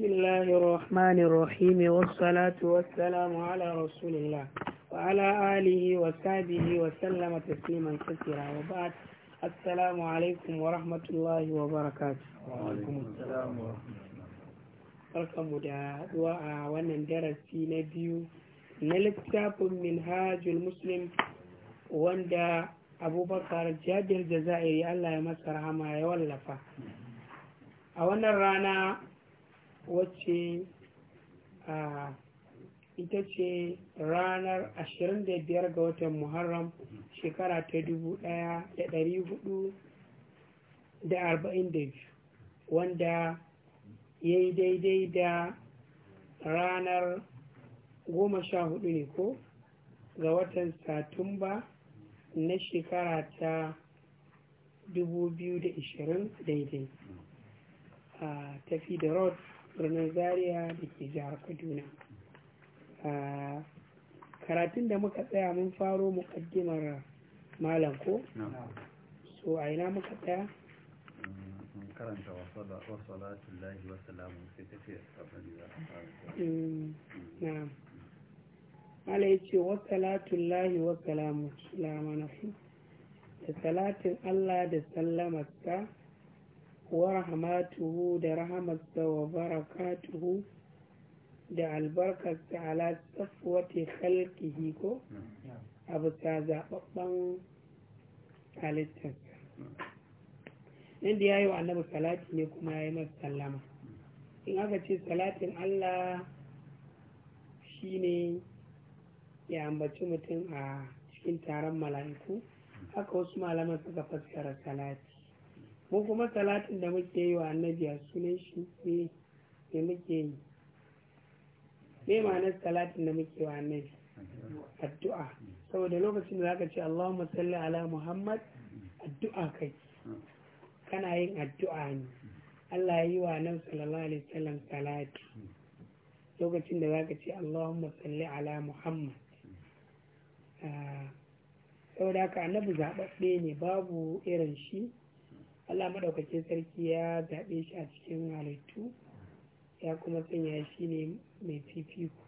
بسم الله الرحمن الرحيم والصلاة والسلام على رسول الله وعلى آله وصحبه وسلم تسليما كثيرا وبعد السلام عليكم ورحمة الله وبركاته وعليكم السلام ورحمة الله barkanmu da haɗuwa a wannan darasi na biyu na littafin minhajul muslim wanda abubakar jabir da za'iri allah ya masa rahama ya wallafa a wannan rana wacce a ita ce ranar 25 ga watan muharram shekara ta 1442 wanda ya yi daidai da ranar 14 ne ko ga watan satumba na shekara ta 2020 daidai a tafi da rods birnin zaria da ke jihar kaduna karatun da muka tsaya mun faro mukaddimar malam ko so a ina muka tsaya karanta wasu salatun lahi wasu lamun sai ta ce mm, mm. na mala ya ce wasu salatun lahi wasu lamun sulama da salatin allah da sallamata. wa rahmatuhu da rahamarsa wa barakatuhu da albarkarsa ala safwati khalqihi ko hmm. a bisa zababban halittarsa inda ya yi wa annabi salati ne kuma ya yi masa sallama in aka ce salatin allah shine ya ambaci mutum a cikin taron mala'iku haka wasu malaman suka fassara salati mu kuma salatin da muke yi wa annabi a sunan shi ne me muke yi me ma'anar salatin da muke wa annabi addu'a saboda lokacin da zaka ce Allahumma salli ala Muhammad addu'a kai kana yin addu'a ne Allah ya yi wa nan sallallahu alaihi wasallam salati lokacin da zaka ce Allahumma salli ala Muhammad ah, saboda haka annabi zaɓaɓɓe ne babu irin shi Allah maɗaukakin sarki ya zaɓe shi a cikin halittu ya kuma sanya shi ne mai fifiko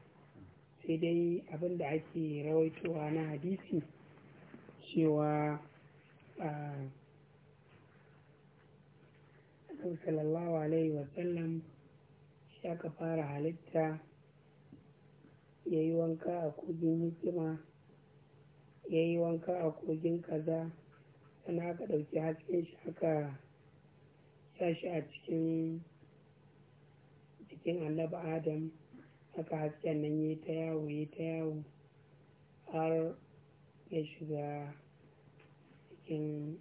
sai dai abin da ake rawaitowa na hadisi cewa a sallallahu alaihi wasallam shi aka fara halitta ya yi wanka a kogin hikima ya yi wanka a kogin kaza sannan aka ɗauki hasken shi aka sa shi a cikin jikin annabi adam aka hasken nan yi ta yawo yi ta yawo har ya shiga cikin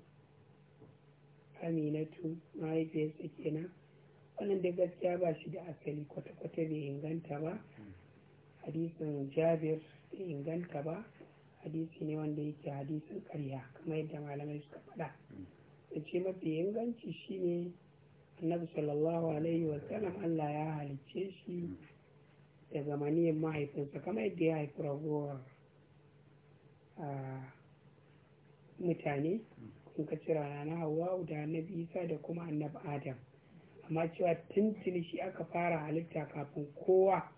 aminatu mahaifiyarsa kenan wannan da gaskiya ba shi da asali kwata-kwata bai inganta ba hadisin jabir bai inganta ba hadisi ne wanda yake hadisin karya kamar yadda malamai suka faɗa da ce mafi inganci shine annabi sallallahu alaihi wa sallam Allah ya halicce shi daga maniyin mahaifinsa kamar yadda ya haifi ragowar mutane kun ka cira na hawa da annabi isa da kuma annabi adam amma cewa tuntuni shi aka fara halitta kafin kowa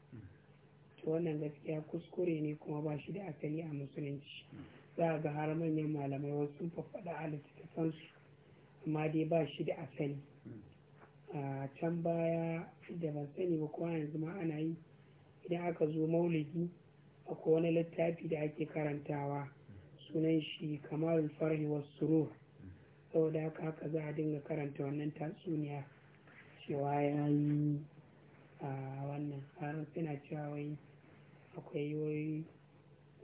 wannan gaskiya kuskure ne kuma ba shi da asali a musulunci za ga har manyan malamai wasu faɗa a littattafansu amma dai ba shi da asali a can baya da ban sani ba kuma yanzu ma ana yi idan aka zo maulidi akwai wani littafi da ake karantawa sunan shi kamar farhi wasu saboda haka haka za a dinga karanta wannan tatsuniya cewa ya yi a wannan har suna cewa wai akwai yoyi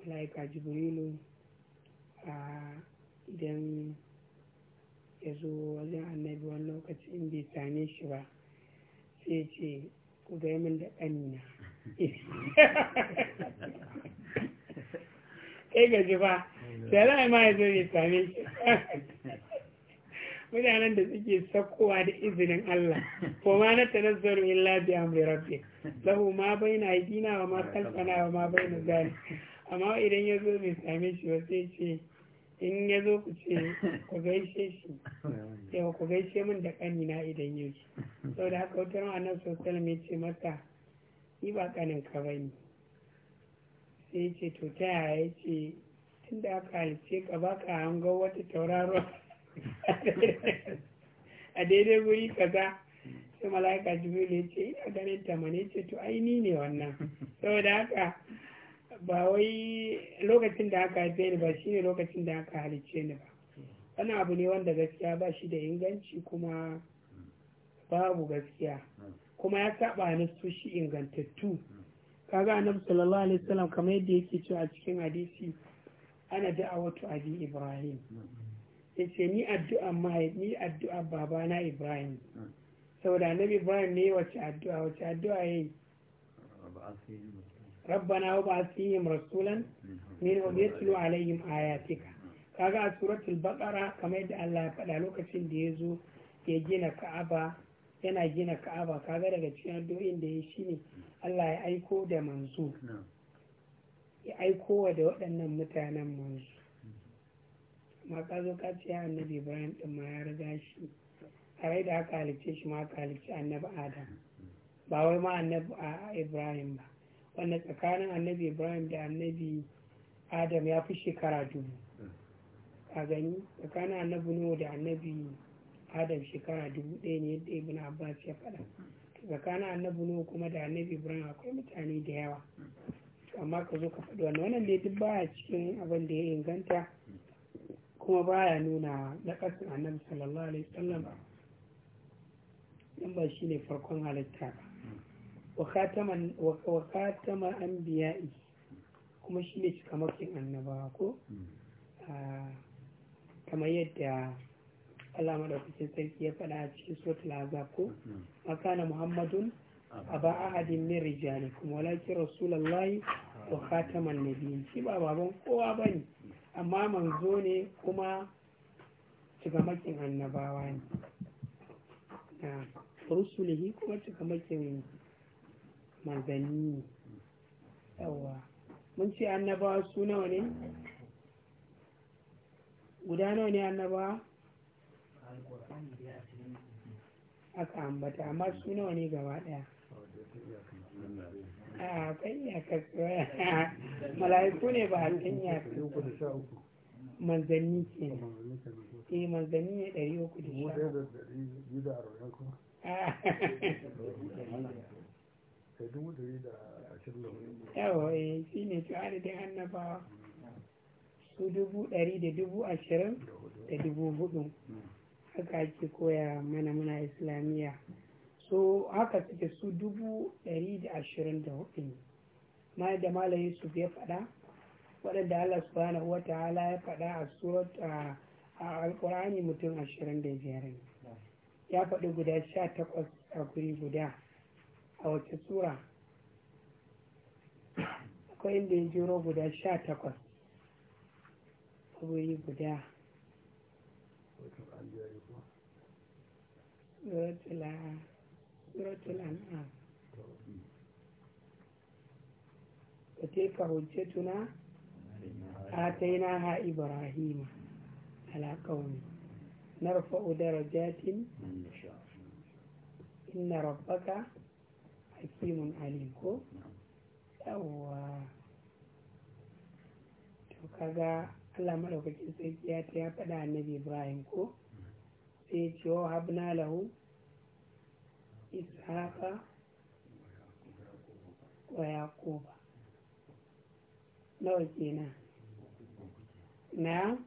malaika jibrilu a idan ya zo wajen annabi wani lokaci in bai same shi ba sai ce ku ga min da ƙanina kai gaji ba sai ma ya zo bai same shi mutanen da suke sakkowa da izinin Allah ko ma na tanazzaru illa bi amri rabbi lahu ma baina aidina wa ma khalfana wa ma baina zalik amma idan ya zo bai same shi ba sai ce in ya zo ku ce ku gaishe shi Yau ku gaishe min da kanina idan ya zo saboda haka wata ran annabi sallallahu ce mata ni ba kanin ka bane sai ce to ta yaya ce tunda aka halice ka baka hango wata tauraro a daidai guri kaza sai mala'ika jibril ya ce ina ganin ta mane ce to aini ne wannan saboda haka ba wai lokacin da aka haife ni ba shine lokacin da aka halicce ni ba wannan abu ne wanda gaskiya ba shi da inganci kuma babu gaskiya kuma ya saba ni su shi ingantattu kaga annabi sallallahu alaihi wasallam kamar yadda yake cewa a cikin hadisi ana da'awatu abi ibrahim ya ce ni addu'a mahaifi addu'an baba babana ibrahim saboda annabi ibrahim ne wace addu'a wace addu'a yayi rabbana wa ba'athihim rasulan minhum yatlu alaihim ayatika kaga a suratul baqara kamar yadda Allah ya faɗa lokacin da ya zo ya gina ka'aba yana gina ka'aba kaga daga cikin addu'o'in da ya shine Allah ya aiko da manzo ya aiko wa da waɗannan mutanen manzo ma ka zo ka ce annabi ibrahim din ma ya riga shi a rai da aka halicce shi ma aka halicce annabi adam ba wai ma annabi ibrahim ba wanda tsakanin annabi ibrahim da annabi adam ya fi shekara dubu a gani tsakanin annabi nuhu da annabi adam shekara dubu ɗaya ne yadda ibn abbas ya faɗa tsakanin annabi nuhu kuma da annabi ibrahim akwai mutane da yawa amma ka zo ka faɗi wannan wannan dai duk baya cikin abin da ya inganta kuma baya nuna na ƙasar annabi sallallahu alaihi sallam. dan ba ne farkon halitta ba wa khataman wa kuma shi kuma cika cikamakin annabawa ko hmm. ah, kamar yadda alama da kusa sarki ya fada a cikin sotu laza ko hmm. makana muhammadun A ah. aba ahadin min kuma walakin rasulullahi wa khataman nabiyyin shi ba baban kowa ba ne. amma manzo ne kuma makin annabawa ne na rusulihi kuma makin manzanni ne yawa mun ce annabawa su nawa ne guda nawa ne annabawa aka ambata amma su nawa ne gaba daya a kanya kasuwa mala'iku ne ba alkanya su manzanni ke eh manzanni ne ɗari uku da shida yawa eh shi ne su adadin annabawa su dubu ɗari da dubu ashirin da dubu hudu haka ake koya mana muna islamiyya so haka suke su dubu ɗari da ashirin da hudu ne ma da malam su ya faɗa waɗanda allah subhanahu wa ta'ala ya faɗa a surat a alƙur'ani mutum ashirin da biyar ne ya faɗi guda sha takwas a guri guda a wace sura akwai inda ya jiro guda sha takwas a guri guda Surat suratul an'am wa tilka hujjatuna atainaha ibrahima ala qaumi narfa'u darajatin inna rabbaka hakimun alim ko yawwa to kaga Allah madaukakin sarki ya ta ya faɗa nabi Ibrahim ko sai ya ce wa habna ishaqa wa yaquba nawa kenan na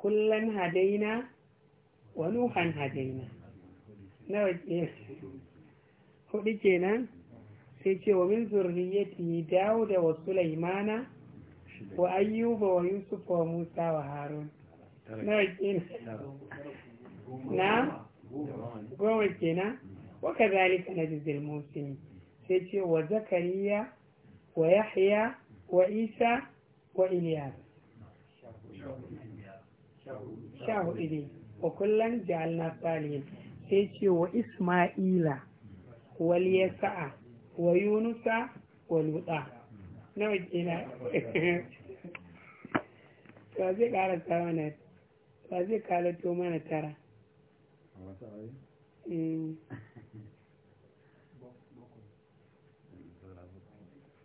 kullan hadaina wa nuhan hadaina nawa kenan hudu kenan sai ce wa min zurriyyati da wa sulaimana wa ayyuba wa yusuf wa musa wa harun nawa kenan na goma kenan waka zalika na jizil musin sai ce wa zakariya wa yahya wa isa wa iliyas sha hudu ne wa kullum ja'alna salihin sai ce wa isma'ila wal yasa'a wa yunusa wa luta nawa kina ba zai karanta mana ba zai kalato mana tara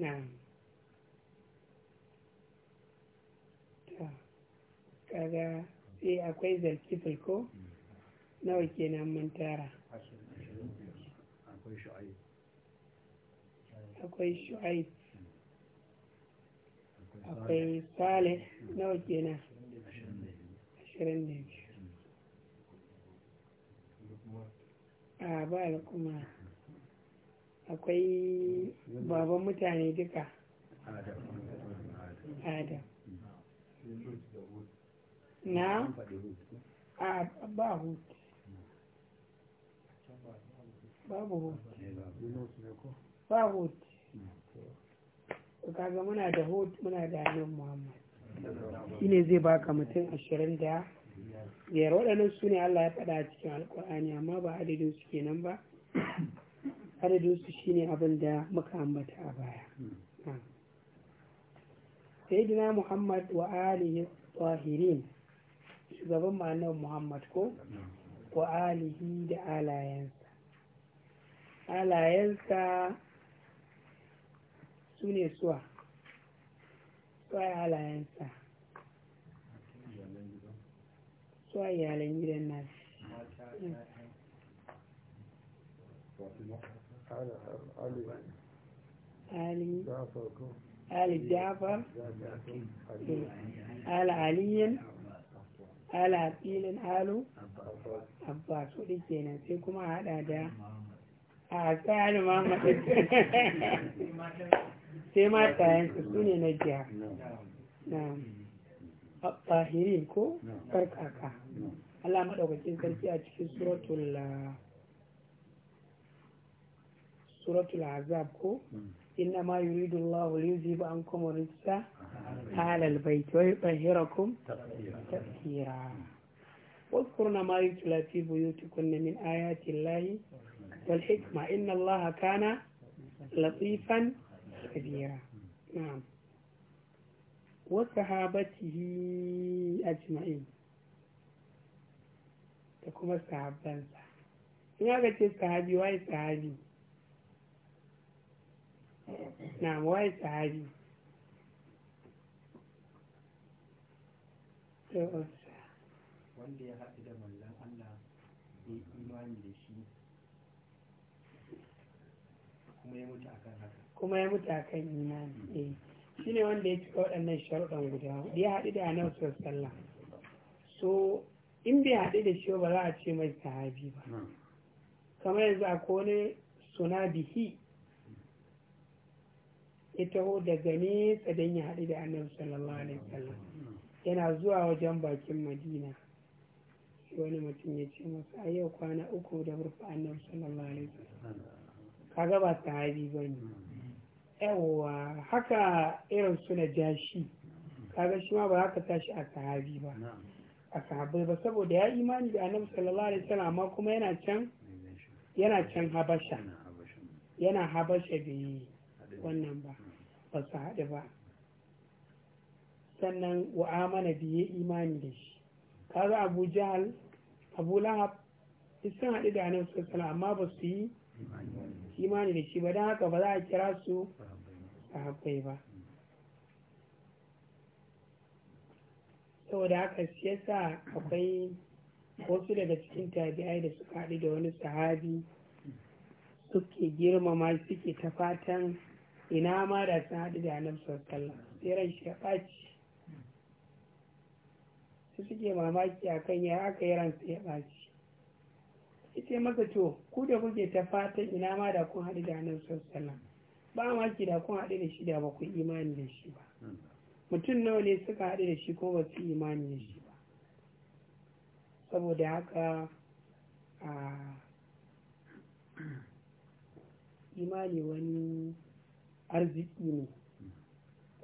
ta kaga sai akwai zarkifil ko nawa kenan mun tara akwai shu'aib akwai nawa kenan ashirin da biyu a ba kuma akwai baban mutane duka adam na A ba hut babu hut ba hut kaga muna da hut muna da hannun muhammad ne zai baka mutum ashirin da biyar waɗannan su ne allah ya faɗa a cikin alkur'ani amma ba adadin su kenan ba adadinsu ne abin da muka ambata a baya dina muhammad wa alihi tahirin shugaban ma'anar muhammad ko wa alihi da alayensa alayensa su ne suwa suwa alayensa suwa iyalan gidan nasi ali ali jafar al aliyin al aqilin alu abbas hudu kenan sai kuma hada da a tsari mamadu sai matayensu su ne na jiya na ɓahirin ko karkaka Allah maɗaukacin sarki a cikin suratul suratul azab ko hmm. inna ma yuridu Allahu liyuziba ankum rijsa ahla albayt wa yutahhirakum tatheera واذكرن ما يتلى في بيوتكن من آيات الله والحكمة إن الله كان لطيفا sahabi wai sahabi نعم waye imani da shi kuma ya mutu akan haka kuma ya eh. shi ne wanda ya cika waɗannan sharuɗan guda ya haɗu da su so in bai haɗu da shi ba za a ce mai sahabi ba kamar yanzu a kone suna bihi ya taho daga nesa don ya haɗu da annabi sallallahu alaihi wasallam yana zuwa wajen bakin madina wani mutum ya ce masa a yau kwana uku da rufe annabi sallallahu alaihi wasallam kaga ba sahabi ba ne yawwa haka irin su na jashi kaga shi ma ba haka tashi a sahabi ba a sahabai ba saboda ya imani da annabi sallallahu alaihi wasallam amma kuma yana can yana can habasha yana habasha bai wannan ba basu su haɗu ba sannan wa amana biye imani da shi kaga abu jahal abu lahab sun haɗu da hannun sallallahu amma ba su yi imani da shi ba don haka ba za a kira su sahabbai ba saboda haka shi yasa akwai wasu daga cikin tabi'ai da suka haɗu da wani sahabi suke girmama suke ta fatan ina ma da sun haɗu da annabi sallallahu alaihi wasallam shi ya ɓaci su suke mamaki a kan ya aka yi ransa ya ɓaci ita masa to ku da kuke ta fatan ina ma da kun haɗu da annabi sallallahu ba maki da kun haɗu da shi da ba ku imani da shi ba mutum nawa ne suka haɗu da shi ko ba su imani da shi ba saboda haka a imani wani arziki ne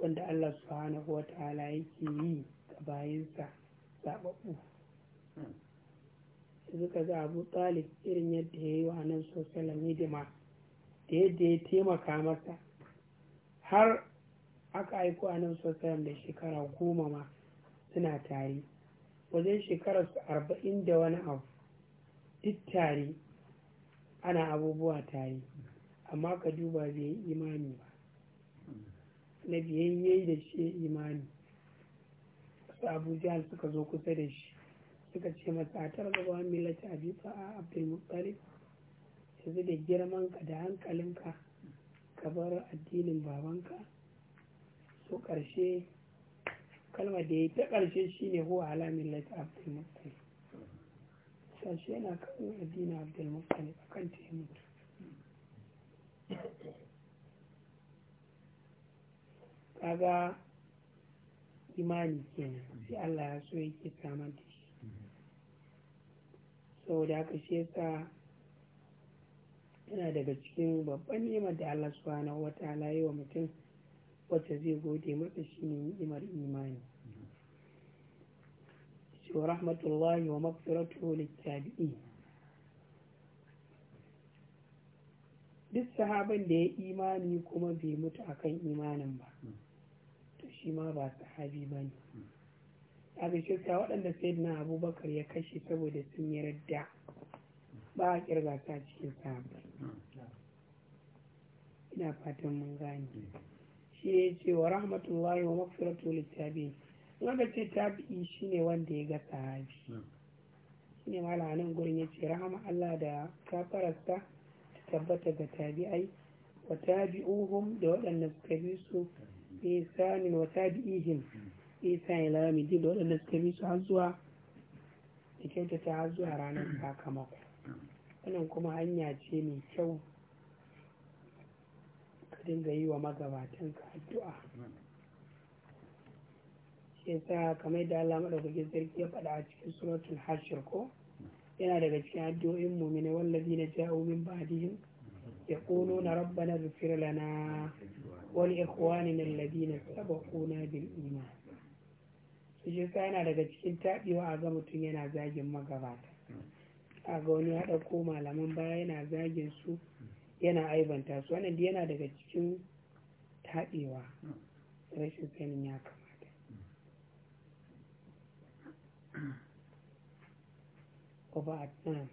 wanda Allah subhanahu wa ta'ala yake yi ga bayansa zaɓaɓɓu yanzu ka abu talib irin yadda ya yi wa nan sosai hidima da yadda ya taimaka masa har aka aiko a nan sosai da shekara goma ma suna tare wajen shekarar su arba'in da wani abu duk tare ana abubuwa tare amma ka duba zai yi imani ba na biyayye da shi imani wasu abu jihar suka zo kusa da shi suka ce masa a targaba millata abifa a abdulmuttalib yanzu da girmanka da hankalinka ka bar addinin babanka so karshe kalmar da ya ta ƙarshe shine huwa ala millata abdulmuttalib sashe yana kan addinin abdulmuttalib akan a kan mutu kaga imani kenan sai Allah ya so yake samar da shi saboda haka shi yasa yana daga cikin babban ni'imar da Allah subhanahu wataala yi wa mutum wacce zai gode masa shine ni'imar imani wa rahmatullahi wa maghfiratuhu littabi'in duk sahaban da ya imani kuma bai mutu akan imanin ba shi ma ba sahabi ba ne a ga waɗanda na abubakar ya kashe saboda sun yarda ba a kirga ta cikin sahabi ina fatan mun gane shi ne ce wa rahmatullahi wa maghfiratu littabi wanda ce tabi'i ne wanda ya ga sahabi shine malamin gurin ya ce rahama Allah da kafararsa ta tabbata ga tabi'ai wa tabi'uhum da waɗanda suka bi su isanin wa tabi'ihim isan ila yawmi din da waɗanda suka bi su har zuwa da kyautata har zuwa ranar sakamako wannan kuma hanya ce mai kyau ka dinga yi wa magabatanka addu'a shi yasa kamar da Allah madaukakin sarki ya faɗa a cikin suratul hashir ko yana daga cikin addu'o'in mu'mini wallazina ja'u min ba'dihim yaquluna rabbana ighfir lana ولإخواننا الذين سبقونا بالإيمان sujisa yana daga cikin taɓewa a ga mutum yana zagin magabata a ga wani ya ɗauko malaman baya yana zagin su yana aibanta su wannan yana daga cikin taɓewa rashin sanin ya kamata وبعد نعم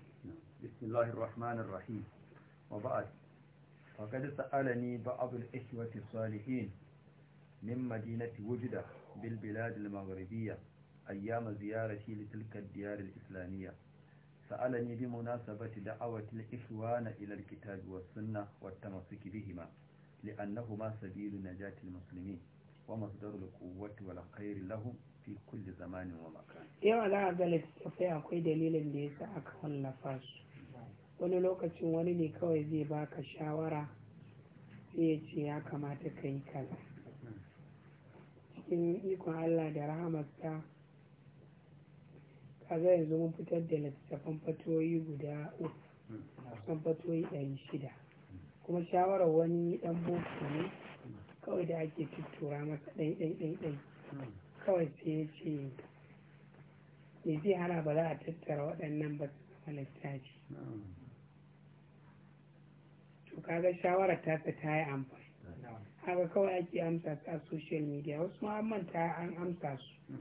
بسم الله الرحمن الرحيم وبعد فقد سألني بعض الإخوة الصالحين من مدينة وجدة بالبلاد المغربية أيام زيارتي لتلك الديار الإسلامية سألني بمناسبة دعوة الإخوان إلى الكتاب والسنة والتمسك بهما لأنهما سبيل نجاة المسلمين ومصدر القوة والخير لهم في كل زمان ومكان. يا لا أدلت أقوي دليل ليس أكون لفاش. wani lokacin wani ne kawai zai baka shawara sai ya ce ya kamata ka yi kaza cikin ikon allah da rahamarsa kaza yanzu mun fitar da littattafan fatoyi guda uku kusan fatoyi ɗari shida kuma shawarar wani ɗan boko ne kawai da ake tuttura masa ɗai ɗai ɗai ɗai kawai sai ya ce me zai hana ba za a tattara waɗannan ba su zama littafi kaga shawarar ta ta yi amfani haka kawai ake amsa su a social media wasu ma manta an amsa su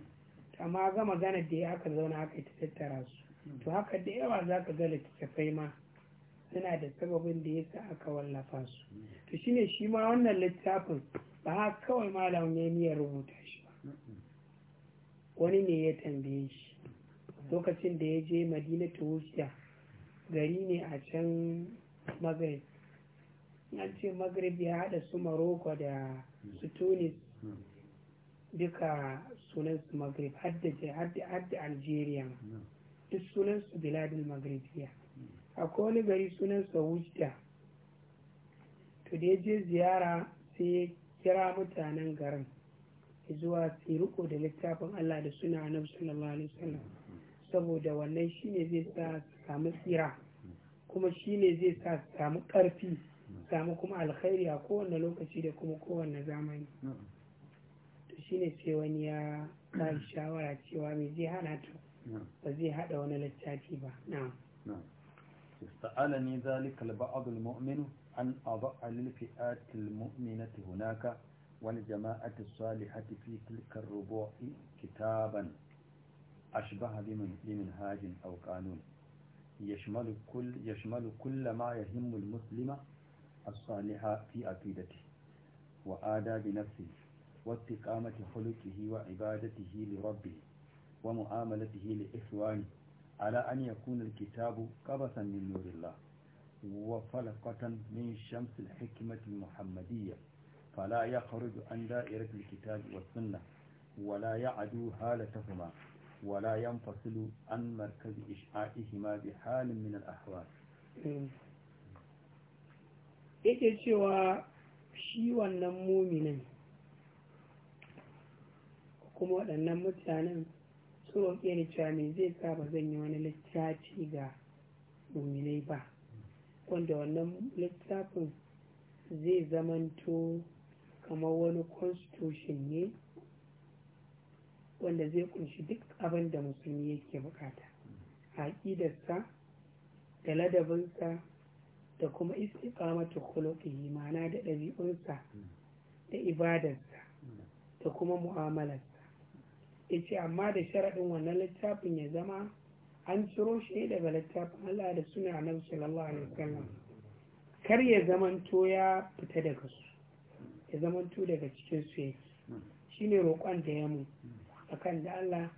amma ga magana da ya aka zauna aka yi ta tattara su to haka da yawa za ka ga littattafai ma suna da sababin da ya sa aka wallafa su to shine shi ma wannan littafin ba haka kawai malam ya rubuta shi ba wani ne ya tambaye shi lokacin da ya je madina ta gari ne a can magrib na ce magrib ya haɗa su maroko da su tunis duka sunan su magrib hadda algeria hmm. duk sunan su biladin ya akwai wani gari sunan sa wujda to da je ziyara sai ya kira mutanen garin zuwa su riko da littafin Allah da suna annabi sallallahu alaihi wasallam saboda wannan shine zai sa su samu tsira kuma shine zai sa su samu ƙarfi samu kuma alkhairi a kowane lokaci da kuma kowane zamani to shine sai wani ya ba shawara cewa me zai hana ta ba zai hada wani littafi ba na'am استعلني ذلك البعض المؤمن أن أضع للفئات المؤمنة هناك والجماعة الصالحة في تلك الربوع كتابا أشبه بمنهاج أو قانون يشمل كل, يشمل كل ما يهم المسلم الصالحة في عقيدته وآداب نفسه واستقامة خلقه وعبادته لربه ومعاملته لإخوانه على أن يكون الكتاب قبسا من نور الله وفلقة من شمس الحكمة المحمدية فلا يخرج عن دائرة الكتاب والسنة ولا يعدو هالتهما ولا ينفصل عن مركز إشعائهما بحال من الأحوال yake cewa shi wannan muminin kuma waɗannan mutanen su roƙe ni cewa me zai sa ba zan yi wani littafi ga muminai ba wanda wannan littafin zai zamanto kamar wani constitution ne wanda zai kunshi duk abin da musulmi yake bukata a aƙidarsa da ladabinsa da kuma istiqamatu khuluqihi ma'ana da ɗabi'unsa da ibadarsa da kuma mu'amalarsa yace amma da sharaɗin wannan littafin ya zama an ciro shi daga littafin Allah da suna annabi sallallahu alaihi wasallam kar ya zamanto ya fita daga su ya zamanto daga cikin su yake shine roƙon da ya mu akan da Allah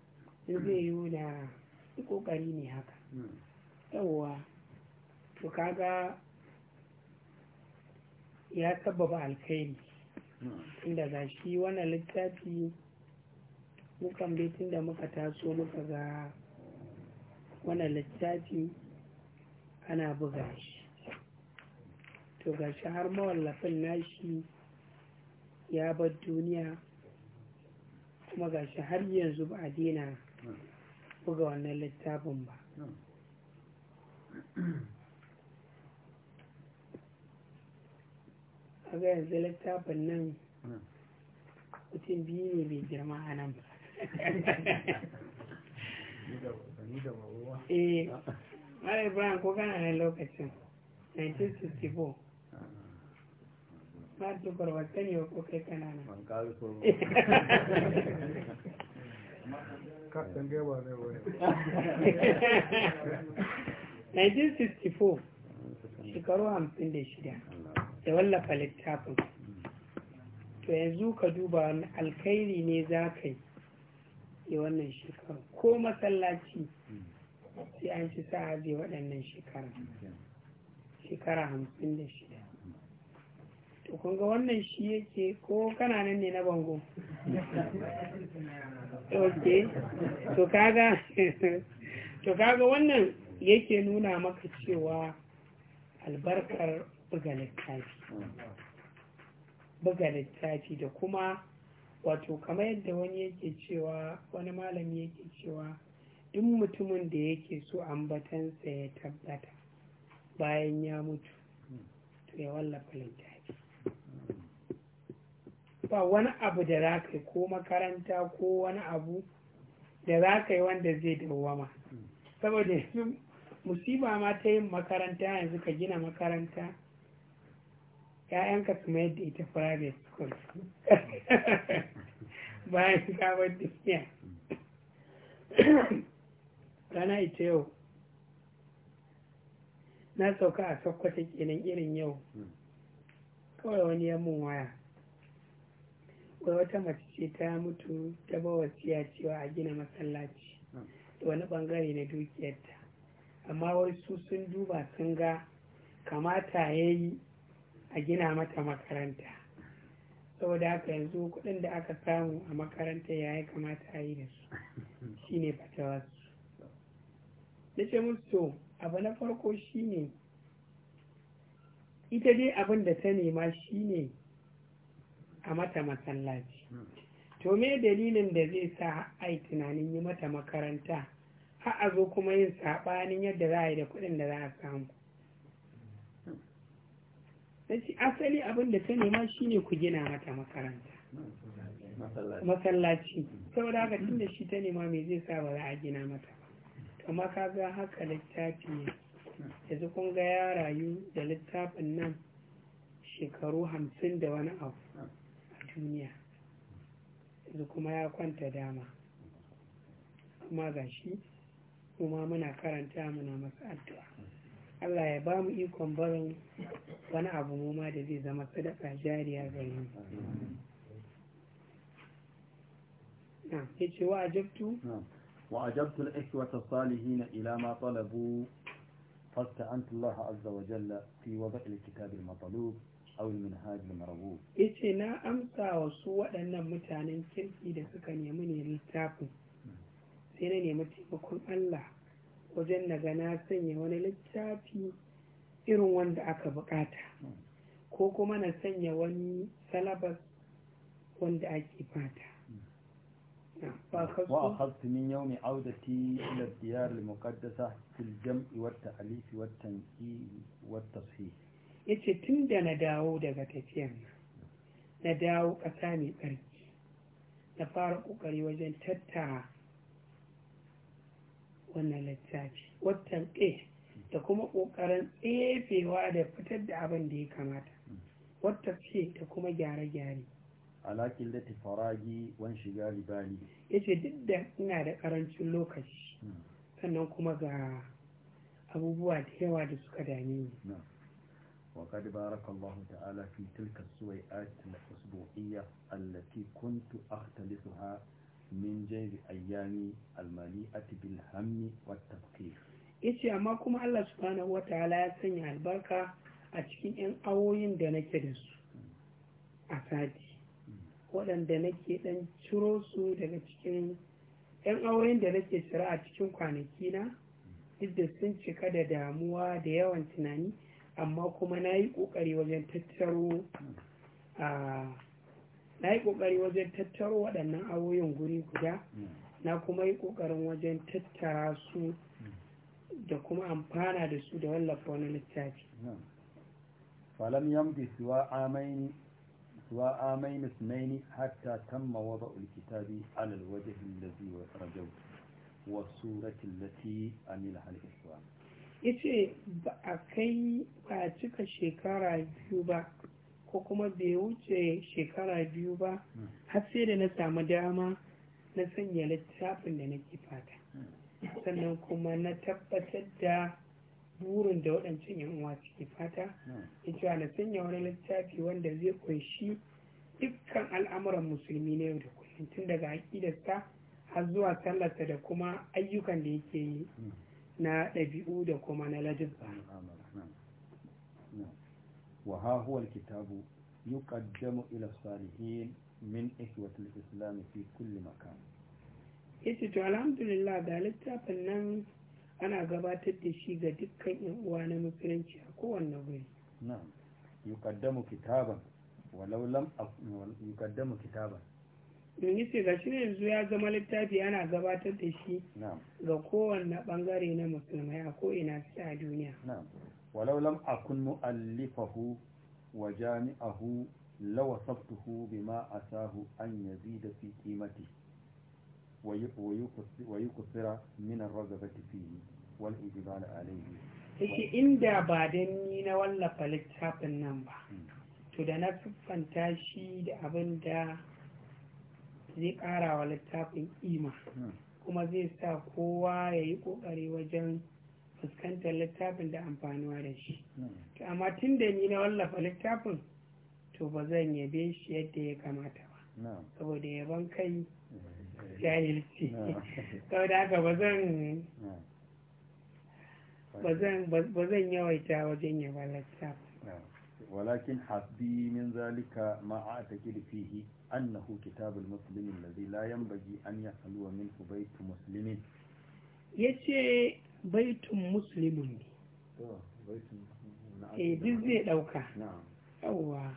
zai yi na kokari ne haka yawwa to kaga ya sababa alkhairi inda hmm. ga shi wani littafi mukan tun da muka taso muka ga wani littafi ana buga shi to ga shi har mawallafin nashi ya bar duniya kuma ga shi har yanzu ba a dina hmm. buga wannan littafin ba hmm. kaga yanzu littafin nan mutum biyu ne bai girma a nan ba eh mara ibrahim ko gana nan lokacin 1964 ba tukur wata ne ko kai kana na ban kawo so kasan gaba ne wani 1964 shekaru 56 da wallafa littafin to yanzu ka duba wani alkairi ne za ka yi ya wannan shekara ko masallaci sai an ci sa'a zai waɗannan shekara shekara hamsin da shida to kun ga wannan shi yake ko kananan ne na bango to kaga to kaga wannan yake nuna maka cewa albarkar buga littafi da kuma wato kamar yadda wani yake cewa wani malami yake cewa duk mutumin da yake so ambatansa ya tabbata bayan ya mutu to ya wallafa littafi ba wani abu da za ka yi ko makaranta ko wani abu da za ka yi wanda zai dawama saboda musiba ma ta yin makaranta yanzu ka gina makaranta ‘ya'yanka su mayar da ita private school bayan kawar duniya rana ita yau na sauka a sakwata kenan irin yau kawai wani yammun waya wai wata mace ce ta mutu ta bawa siya cewa a gina masallaci da wani bangare na dukiyarta amma wai su sun duba sun ga kamata ya yi a gina mata makaranta saboda haka yanzu kuɗin da aka samu a makaranta ya yi kamata a yi da su shine fatawarsu na ce musu abu na farko shine ita dai abin da ta nema shine a mata masallaci to me dalilin da zai sa ai tunanin yi mata makaranta har a zo kuma yin saɓanin yadda za a yi da kuɗin da za a samu na shi asali abin da ta nema shine ku gina mata makaranta masallaci saboda haka tun da shi ta nema mai zai sa ba za a gina mata ba amma ka ga haka littafi ne yanzu kun ga ya rayu da littafin nan shekaru hamsin da wani abu a duniya yanzu kuma ya kwanta dama amma ga shi kuma muna karanta muna masa addu'a Allah ya ba mu ikon barin wani abu mu ma da zai zama sadaka jariya gare mu. Ya ce na ila ma talabu fasta an na amsa wa su waɗannan mutanen kirki da suka nemi ne littafin sai na nemi taimakon Allah wajen na gana sanya wani littafi irin wanda aka bukata ko kuma na sanya wani salabas wanda ake fata وأخذت da يوم عودتي إلى الديار alifi, في الجمع والتأليف fi. Ya yace tun da na dawo daga tafiyan na dawo ƙasa mai tsarki na fara ƙoƙari wajen tattara wannan littafi watan ƙe da kuma ƙoƙarin tsefewa da fitar da abin da ya kamata wata ta da kuma gyare-gyare alaƙin da ta faragi wani shiga ribali ya ce duk da ina da ƙarancin lokaci hmm. sannan kuma ga abubuwa da yawa da suka dame ni وقد بارك الله تعالى في تلك السويئات الأسبوعية التي كنت أختلفها min jairi ayyami almali'ati bil hammi wat tafkir yace amma kuma Allah wata wataala ya sanya albarka a cikin yan awoyin da nake da su a sati waɗanda nake dan ciro su daga cikin yan awoyin da nake cira a cikin kwanaki na duk sun cika da damuwa da yawan tunani amma kuma na yi ƙoƙari wajen tattaro a ah, na yi ƙoƙari wajen tattaro waɗannan awoyin guri guda na kuma yi ƙoƙarin wajen tattara su da kuma amfana da su da wallafa wani littafi falam yamdi suwa amaini suwa amaini sunaini hatta tamma wada ulkitabi alal wajahin da zai rajau wa suratin lati amila halittuwa ya ce ba a kai ba a cika shekara biyu ba ko kuma bai wuce shekara biyu ba har sai da na samu dama na sanya littafin da nake fata sannan kuma na tabbatar da burin da waɗancan yan uwa suke fata ya cewa na sanya wani littafi wanda zai kunshi dukkan al'amuran musulmi na yau da kullum tun daga aƙidarsa har zuwa sallarsa da kuma ayyukan da yake yi na ɗabi'u da kuma na ladabba. wa هو الكتاب يقدم yuqaddamu الصالحين من min ikwati في كل مكان makan yace to alhamdulillah فنن littafin nan ana gabatar da shi ga dukkan uwa na musulunci a kowanne guri na'am yuqaddamu kitaban lam yuqaddamu kitaban don yace ga yanzu ya zama littafi ana gabatar da shi ga kowanne bangare na musulmai a ko'ina ina a duniya walau lam akun mu'allifahu wa jami'ahu lawasaftuhu bima asahu an yazida fi qimati wa yukusira min ar-ragabati fihi wal ijbal alayhi yace inda ba dani na wallafa littafin nan ba to da na siffanta shi da abin da zai ƙara wa littafin ƙima kuma zai sa kowa ya yi ƙoƙari wajen fuskantar littafin da amfanuwa da shi hmm. to amma tun da ni na wallafa littafin to ba zan yabe shi yadda ya kamata ba saboda yaban kai hmm. jahilci saboda haka ba zan ba zan yawaita wajen yaba littafin walakin habbi min zalika ma a fihi annahu kitabul muslimin alladhi la yanbaghi an yahluwa minhu baytu muslimin yace baitun musulmin ne oh, eh, duk zai ɗauka yawwa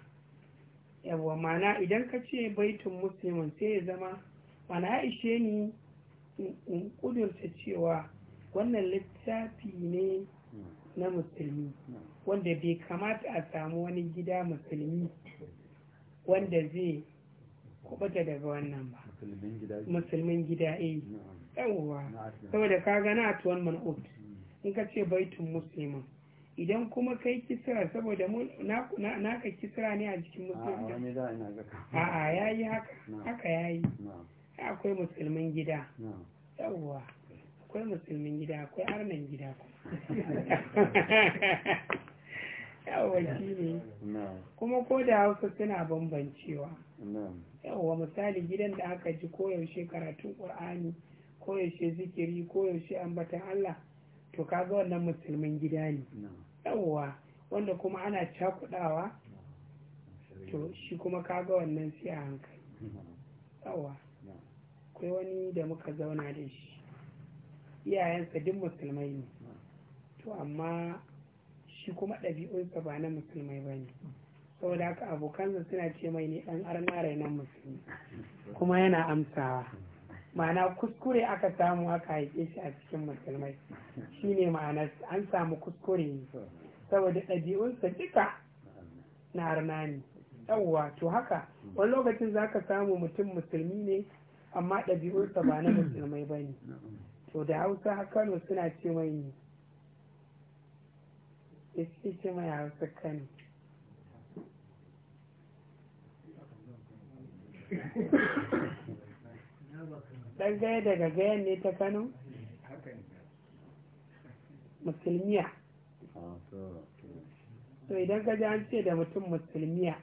yawwa mana idan ka ce baitun musulmin sai ya zama mana ya ishe ni in kudurta cewa wannan littafi ne hmm. na musulmi hmm. wanda bai kamata a samu wani gida musulmi hmm. wanda zai kubata daga wannan ba musulmin gida eh yawwa saboda ka gana a tuwan man'ud in ka ce baitun musulman idan kuma kai kisra saboda na ka kisra ne a jikin a a ya yi haka haka ya yi akwai musulmin gida yawwa akwai musulmin gida akwai arnan gida yawwa shi ne kuma ko da hausa suna bambancewa yawwa misali gidan da aka ji koyaushe karatun ƙur'ani koyaushe zikiri koyaushe ambatan Allah to kaga wannan musulmin gida ne yawwa wanda kuma ana cakudawa to shi kuma kaga wannan sai a hankali yawwa akwai wani da muka zauna da shi iyayensa duk musulmai ne to amma shi kuma ɗabi'unsa ba na musulmai ba ne saboda haka abokansa suna ce mai ne ɗan arna rainon musulmi kuma yana amsawa ma'ana kuskure aka samu aka haife shi a cikin musulmai shine ma'ana an samu kuskure ne saboda ɗabi'unsa duka na arnani yawwa to haka wani lokacin za ka samu mutum musulmi ne amma ɗabi'unsa ba na musulmai ba ne to da hausa kano suna ce mai ce mai hausa kano ɗan gaya daga gayan ne ta kano musulmiya to idan ka ji an ce da mutum musulmiya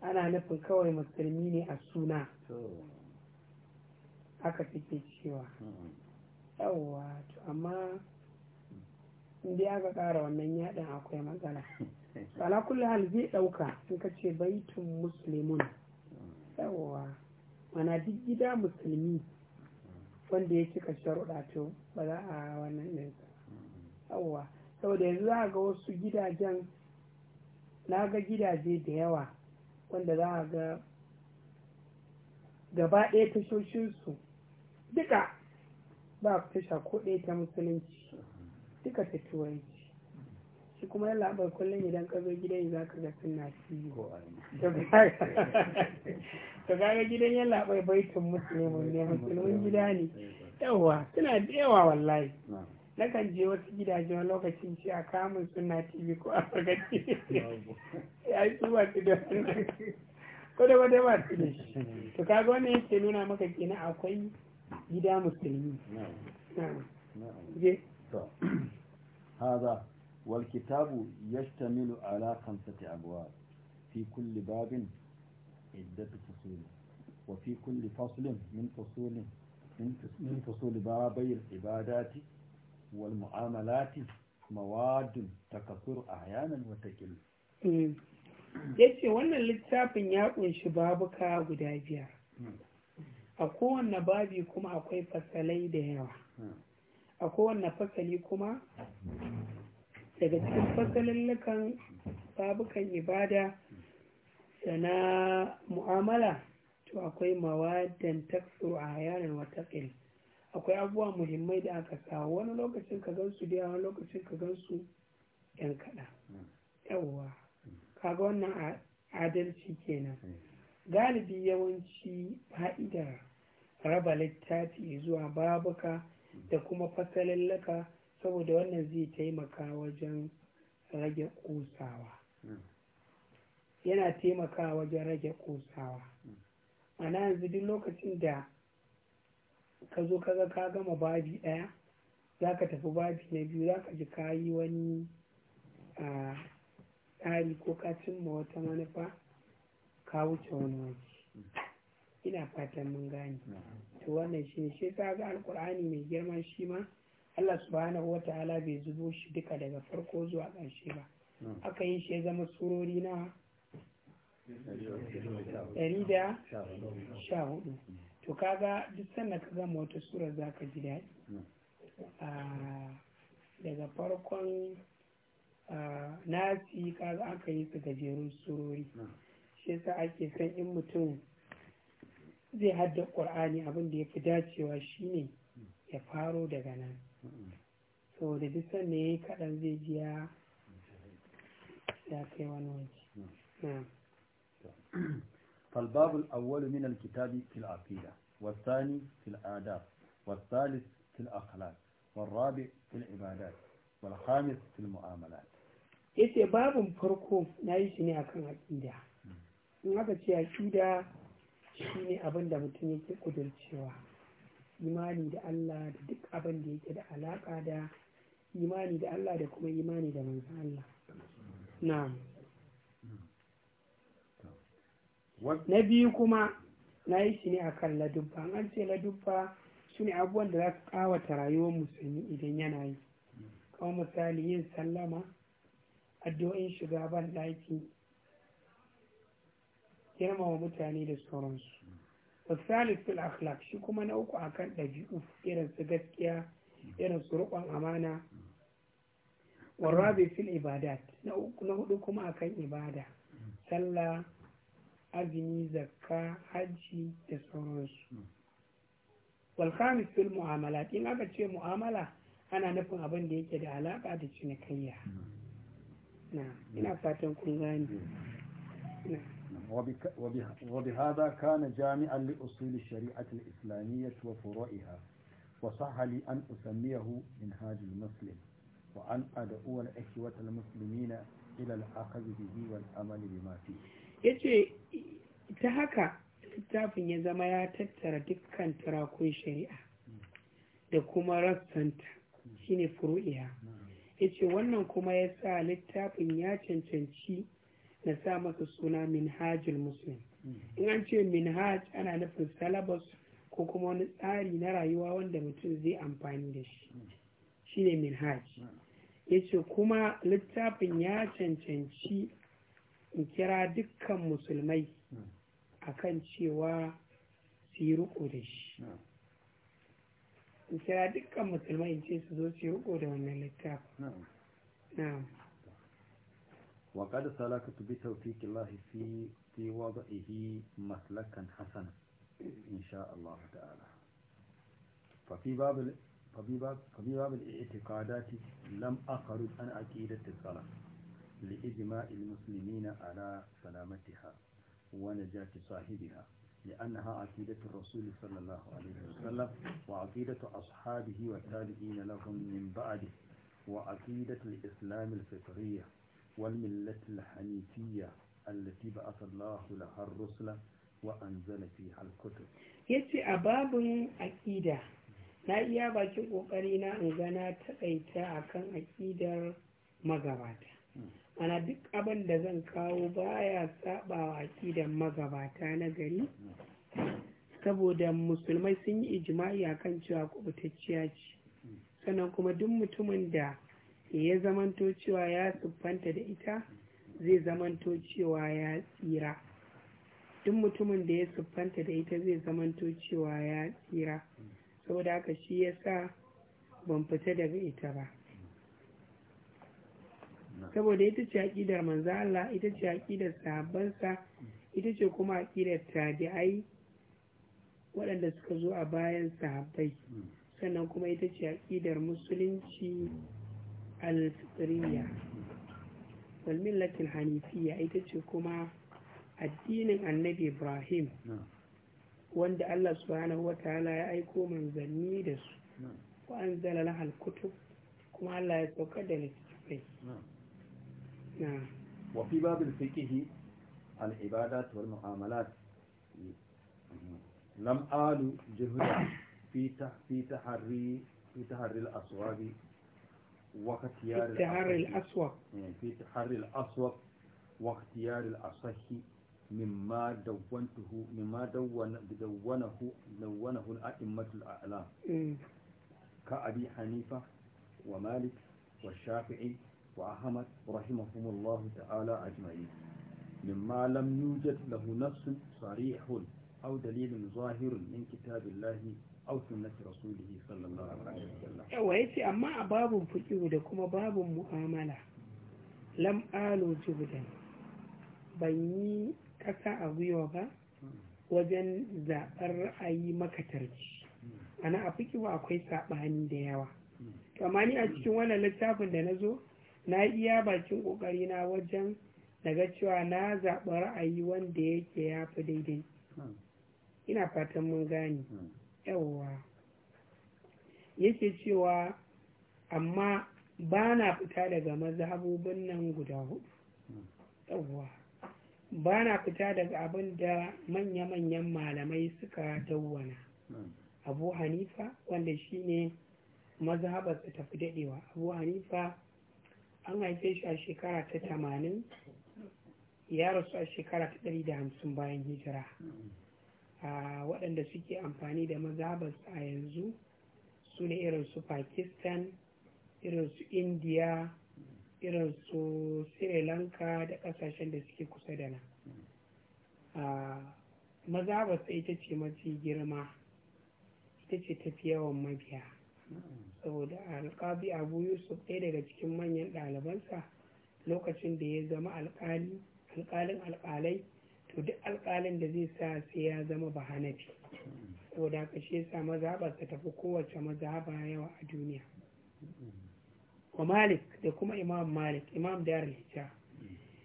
ana nufin kawai musulmi ne a suna haka take cewa yawwa to amma inda aka ƙara wannan yadin akwai matsala ala kulli hal zai ɗauka in ka ce baitun musulmin yawwa mana duk gida musulmi wanda ya kika sharuɗa to ba za a wannan ɗinsa yawwa saboda yanzu za ga wasu gidajen na ga gidaje da yawa wanda za a ga gaba ɗaya tashoshinsu duka ba tasha ko ɗaya ta musulunci duka ta turanci shi kuma yana labar kullum idan ka zo gidan za ka ga na fiye ka gaga gidan yalla bai baitun musulmin ne musulmin gida ne yawa suna da yawa wallahi nakan je wasu gidaje wani lokacin shi a kamun suna tv ko a fargaci ya yi tuba su da wannan ko da wata ba su da shi to kaga wannan yake nuna maka kenan akwai gida musulmi هذا والكتاب يشتمل على خمسة أبواب في كل باب عدة فصول وفي كل فصل من فصول من فصول باب العبادات والمعاملات مواد تكثر أحيانا وتقل yace wannan littafin ya kunshi babuka guda biyar a kowanne babi kuma akwai fasalai da yawa a kowanne fasali kuma daga cikin fasalin babukan ibada da na mu'amala to akwai mawadan taksuru a hayanin watakil akwai abubuwa muhimmai da aka kawo wani lokacin ka gansu da wani lokacin ka gansu yan kada yawwa kaga wannan adalci kenan galibi yawanci fa'idar raba littafi zuwa babuka da kuma fasalallaka saboda wannan zai taimaka wajen rage kusawa yana taimakawa wajen rage kosawa ana yanzu duk lokacin da ka zo kaga ka gama babi ɗaya za ka tafi babi na biyu za ka ji ka yi wani tsari ko ka cimma wata manufa ka wuce wani waje ina fatan mun gane to wannan shi ne shi ga alkur'ani mai girma shi ma Allah subhanahu wa ta'ala bai zubo shi duka daga farko zuwa ƙarshe ba hmm. aka yi shi ya zama surori na ɗari da sha hudu to kaga duk sannan ka gama wata sura za ka ji daɗi ah, daga farkon ah, nasi kaga aka yi su gajerun surori shi yasa ake son in mutum zai hadda ƙur'ani abin da ya fi dacewa shine ya faro daga nan saboda duk sanda ya yi kaɗan zai ji ya kai wani waje فالباب الأول من الكتاب في العقيدة والثاني في الآداب والثالث في الأخلاق والرابع في العبادات والخامس في المعاملات yace babin farko na yi shi ne akan aƙida in aka ce aƙida shi ne abin da mutum yake ƙudurcewa imani da Allah da duk abin da yake da alaƙa da imani da Allah da kuma imani da manzan Allah na'am na biyu kuma na yi shi ne a kan ladubba an ce ladubba su ne abubuwan da za su kawata rayuwar musulmi idan yana yi kawo misali yin sallama addu'o'in shiga ban girmama mutane da sauransu misali fil akhlaq shi kuma na uku akan ɗabi'u irin su gaskiya irin su riƙon amana warrabe fil ibadat na hudu kuma akan ibada sallah azumi zakka hajji da sauransu wal khamis fil mu'amalat in aka ce mu'amala ana nufin abin da yake da alaka da cinikayya na ina fatan kun gane وبهذا كان جامعا لأصول الشريعة الإسلامية وفروعها وصح لي أن أسميه منهاج المسلم وأن أدعو الإخوة المسلمين إلى الأخذ به والعمل بما فيه ya ce ta haka littafin ya zama ya tattara dukkan turakun shari'a da kuma rassanta shine furu'iya ya ce wannan kuma ya sa littafin ya cancanci na sa masa suna minhajul muslim in an ce minhaj ana nufin salabas ko kuma wani tsari na rayuwa wanda mutum zai amfani da shi shine minhaj ya ce kuma littafin ya cancanci In kira dukkan musulmai hmm. a kan cewa su yi riko da shi hmm. in kira dukkan musulmai in ce su zo su yi riko da wannan littafi hmm. Waƙar da salaka tu bi tautikin lahi fi fi waɗa ihi maslakan Hassan, in sha Allah ta'ala fa fi babu al'itikadati lam akharu an ta salat لإجماع المسلمين على سلامتها ونجاة صاحبها لأنها عقيدة الرسول صلى الله عليه وسلم وعقيدة أصحابه والتابعين لهم من بعده وعقيدة الإسلام الفطرية والملة الحنيفية التي بعث الله لها الرسل وأنزل فيها الكتب yace a babin aƙida na iya bakin ƙoƙarina in gana taƙaita akan aƙidar magabata ana duk abin da zan kawo baya sabawa akidan magabata na gari saboda musulmai sun yi ijimai akan cewa kubutacciya ce sannan kuma duk mutumin da ya zamanto cewa ya siffanta da ita zai zamanto cewa ya tsira duk mutumin da ya siffanta da ita zai zamanto cewa ya tsira saboda haka shi ya sa ban fita daga ita ba saboda ita ce aƙidar manzo Allah ita ce aƙidar sahabbansa ita ce kuma aƙidar tabi'ai waɗanda suka zo a bayan sahabbai hmm. sannan kuma ita ce aƙidar musulunci al-fitriya wal millatil hanifiya ita ce kuma addinin annabi Ibrahim wanda Allah subhanahu wataala ya aiko manzanni da su wa anzala lahal kutub kuma Allah ya saukar da littattafai نعم. وفي باب الفقه العبادات والمعاملات لم آل جهد في في تحري في تحري الأسواق واختيار التحري الأسواق إيه، في تحري الأسواق واختيار الأصح مما دونته مما دون دونه دونه الأئمة الأعلام إيه. كأبي حنيفة ومالك والشافعي وأحمد رحمهم الله تعالى أجمعين مما لم يوجد له نص صريح أو دليل ظاهر من كتاب الله أو سنة رسوله صلى الله عليه وسلم ويسي أما باب فجود كما باب مؤاملة لم آلوا جبدا بني كسا أغيوبا wajen zaɓar ra'ayi makatarci ana a fikiwa akwai saɓani da yawa kamar ni a cikin wannan littafin da na zo na iya bakin ƙoƙari na wajen daga cewa na zaɓi ra'ayi wanda yake ya fi daidai ina fatan mun gane yawwa yake cewa amma ba na fita daga mazhabubin nan guda hudu yawwa ba na fita daga abin da manya-manyan malamai suka dawwana abu hanifa wanda shine mazhabarsa fi daɗewa abu hanifa an haife shi a shekara ta tamanin ya rasu a shekara ta ɗari da hamsin bayan hijira waɗanda suke amfani da mazabas a yanzu su ne irin su pakistan irin su india irin su sri lanka da ƙasashen da suke kusa da nan mazabas ita ce mafi girma ita ce tafi yawan mabiya saboda alƙabi abu yusuf ɗaya daga cikin manyan ɗalibansa lokacin da ya zama alƙali alƙalin alƙalai to duk alƙalin da zai sa sai ya zama bahanafi saboda ka shi yasa mazhabar ta tafi kowace mazhaba yawa a duniya wa malik da kuma imam malik imam darul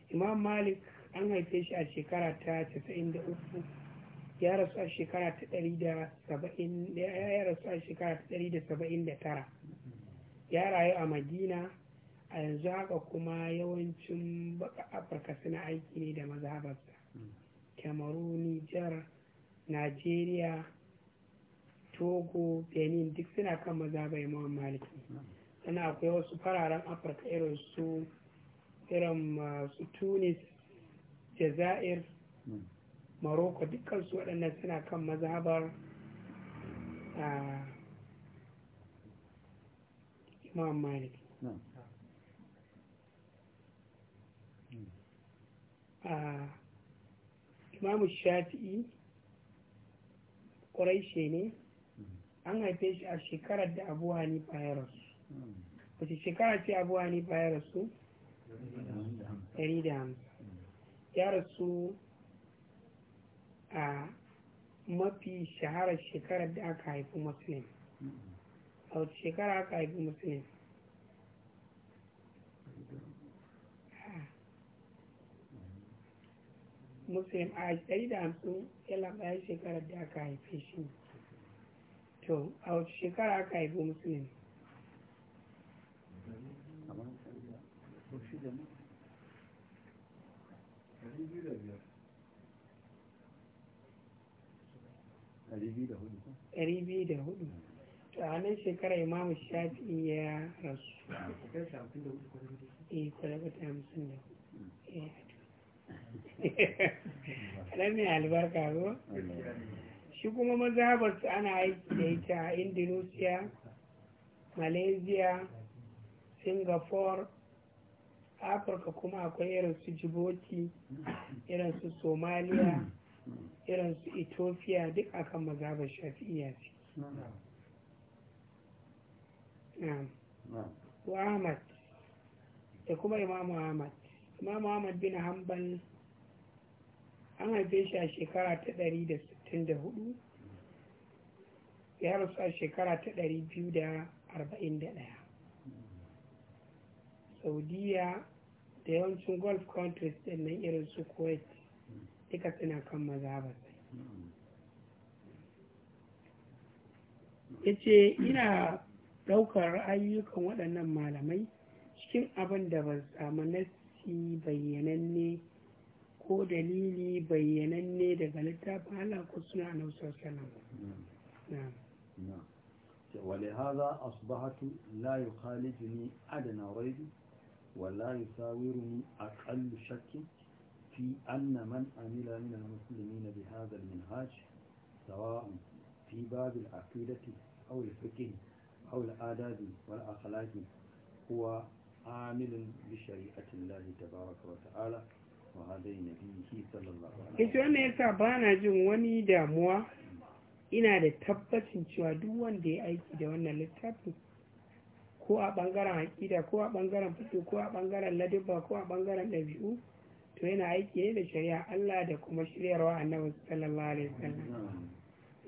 imam malik an haife shi a shekara ta 93 ya rasu a shekara ta ɗari da saba'in ya rasu a shekara da tara ya rayu a madina a yanzu haka kuma yawancin baka afirka suna aiki ne da mazhabarsa kyamaru nijar najeriya togo benin duk suna kan mazhabar imam maliki sannan akwai wasu fararen afirka irin su irin masu uh, tunis jazair hmm. Morocco dukkan su waɗannan suna kan mazhabar imam malik Imam shafi'i ƙuraishe ne mm-hmm. an haife shi a shekarar da abu hanifa ya rasu mm-hmm. wace shekara ce abu hanifa ya rasu 150 ya rasu a mafi shaharar shekarar da aka haifi musulun a wata shekara aka haifi musulun Musulun a ɗari da hamsin yana bayan shekarar da aka haife shi to a wata shekara aka haifi musulun? Thank you. ɗari to a nan shekara imamu shafi ya rasu eh, hmm. eh, albarka shi kuma mazhabarsu ana aiki da ita a indonesia malaysia singapore afirka kuma akwai irin su djibouti hmm. irin su somalia irin su ethiopia duk akan mazhabar shafi'iyya ce na'am wa ahmad da kuma imamu ahmad imamu ahmad bin hanbal an haife shi a shekara ta ɗari da da hudu, ya rasu a shekara ta ɗari biyu da arba'in da ɗaya. saudiya da yawancin gulf countries din nan irin su kuwait duka suna kan mazhabar ya ce ina ɗaukar ayyukan waɗannan malamai cikin abin da ba samu nassi bayyananne ko dalili bayyananne daga littafin Allah ko suna a nausar salam ولهذا أصبحت لا يخالجني أدنى ريب ولا يساورني أقل شك في أن من عمل من المسلمين بهذا المنهاج سواء في باب العقيدة أو الفقه أو الآداب والأخلاق هو عامل بشريعة الله تبارك وتعالى وهذا نبيه صلى الله عليه وسلم. ba na jin wani damuwa ina da tabbacin cewa duk wanda ya aiki da wannan littafin ko a bangaren aƙida ko a bangaren fito ko a bangaren ladabba ko a bangaren ɗabi'u to yana aiki da shari'a Allah da kuma صلى الله عليه وسلم نعم,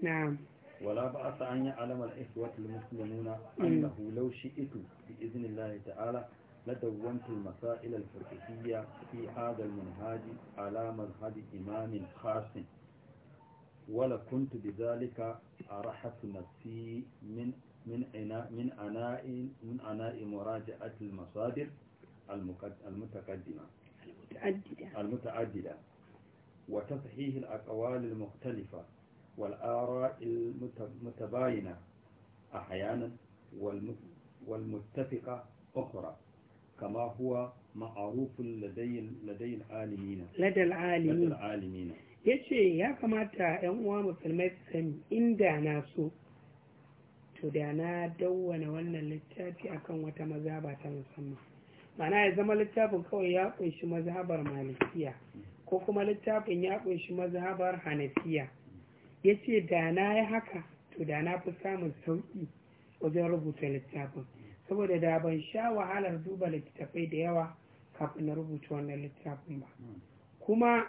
نعم. ولا بأس أن يعلم الإخوة المسلمون أنه لو شئت بإذن الله تعالى لدونت المسائل الفقهية في هذا المنهاج على مذهب إمام خاص ولكنت بذلك أرحت نفسي من من عناء من عناء من عناء مراجعة المصادر المتقدمة المتعددة المتعددة وتصحيح الأقوال المختلفة والآراء المتباينة أحيانا والمتفقة أخرى كما هو معروف لدي لدي العالمين لدى العالمين لدى العالمين yace ya kamata ‘yan uwa musulmai su sani inda na so to da na dawwana wannan littafi akan wata maza ba ta musamman mana ya zama littafin kawai ya kunshi mazhabar malikiya ko kuma littafin ya kunshi mazhabar hanafiya ya ce da na yi haka to da na fi samun sauƙi wajen rubuta littafin saboda da ban sha wahalar duba littafai da yawa kafin na rubuta wannan littafin ba kuma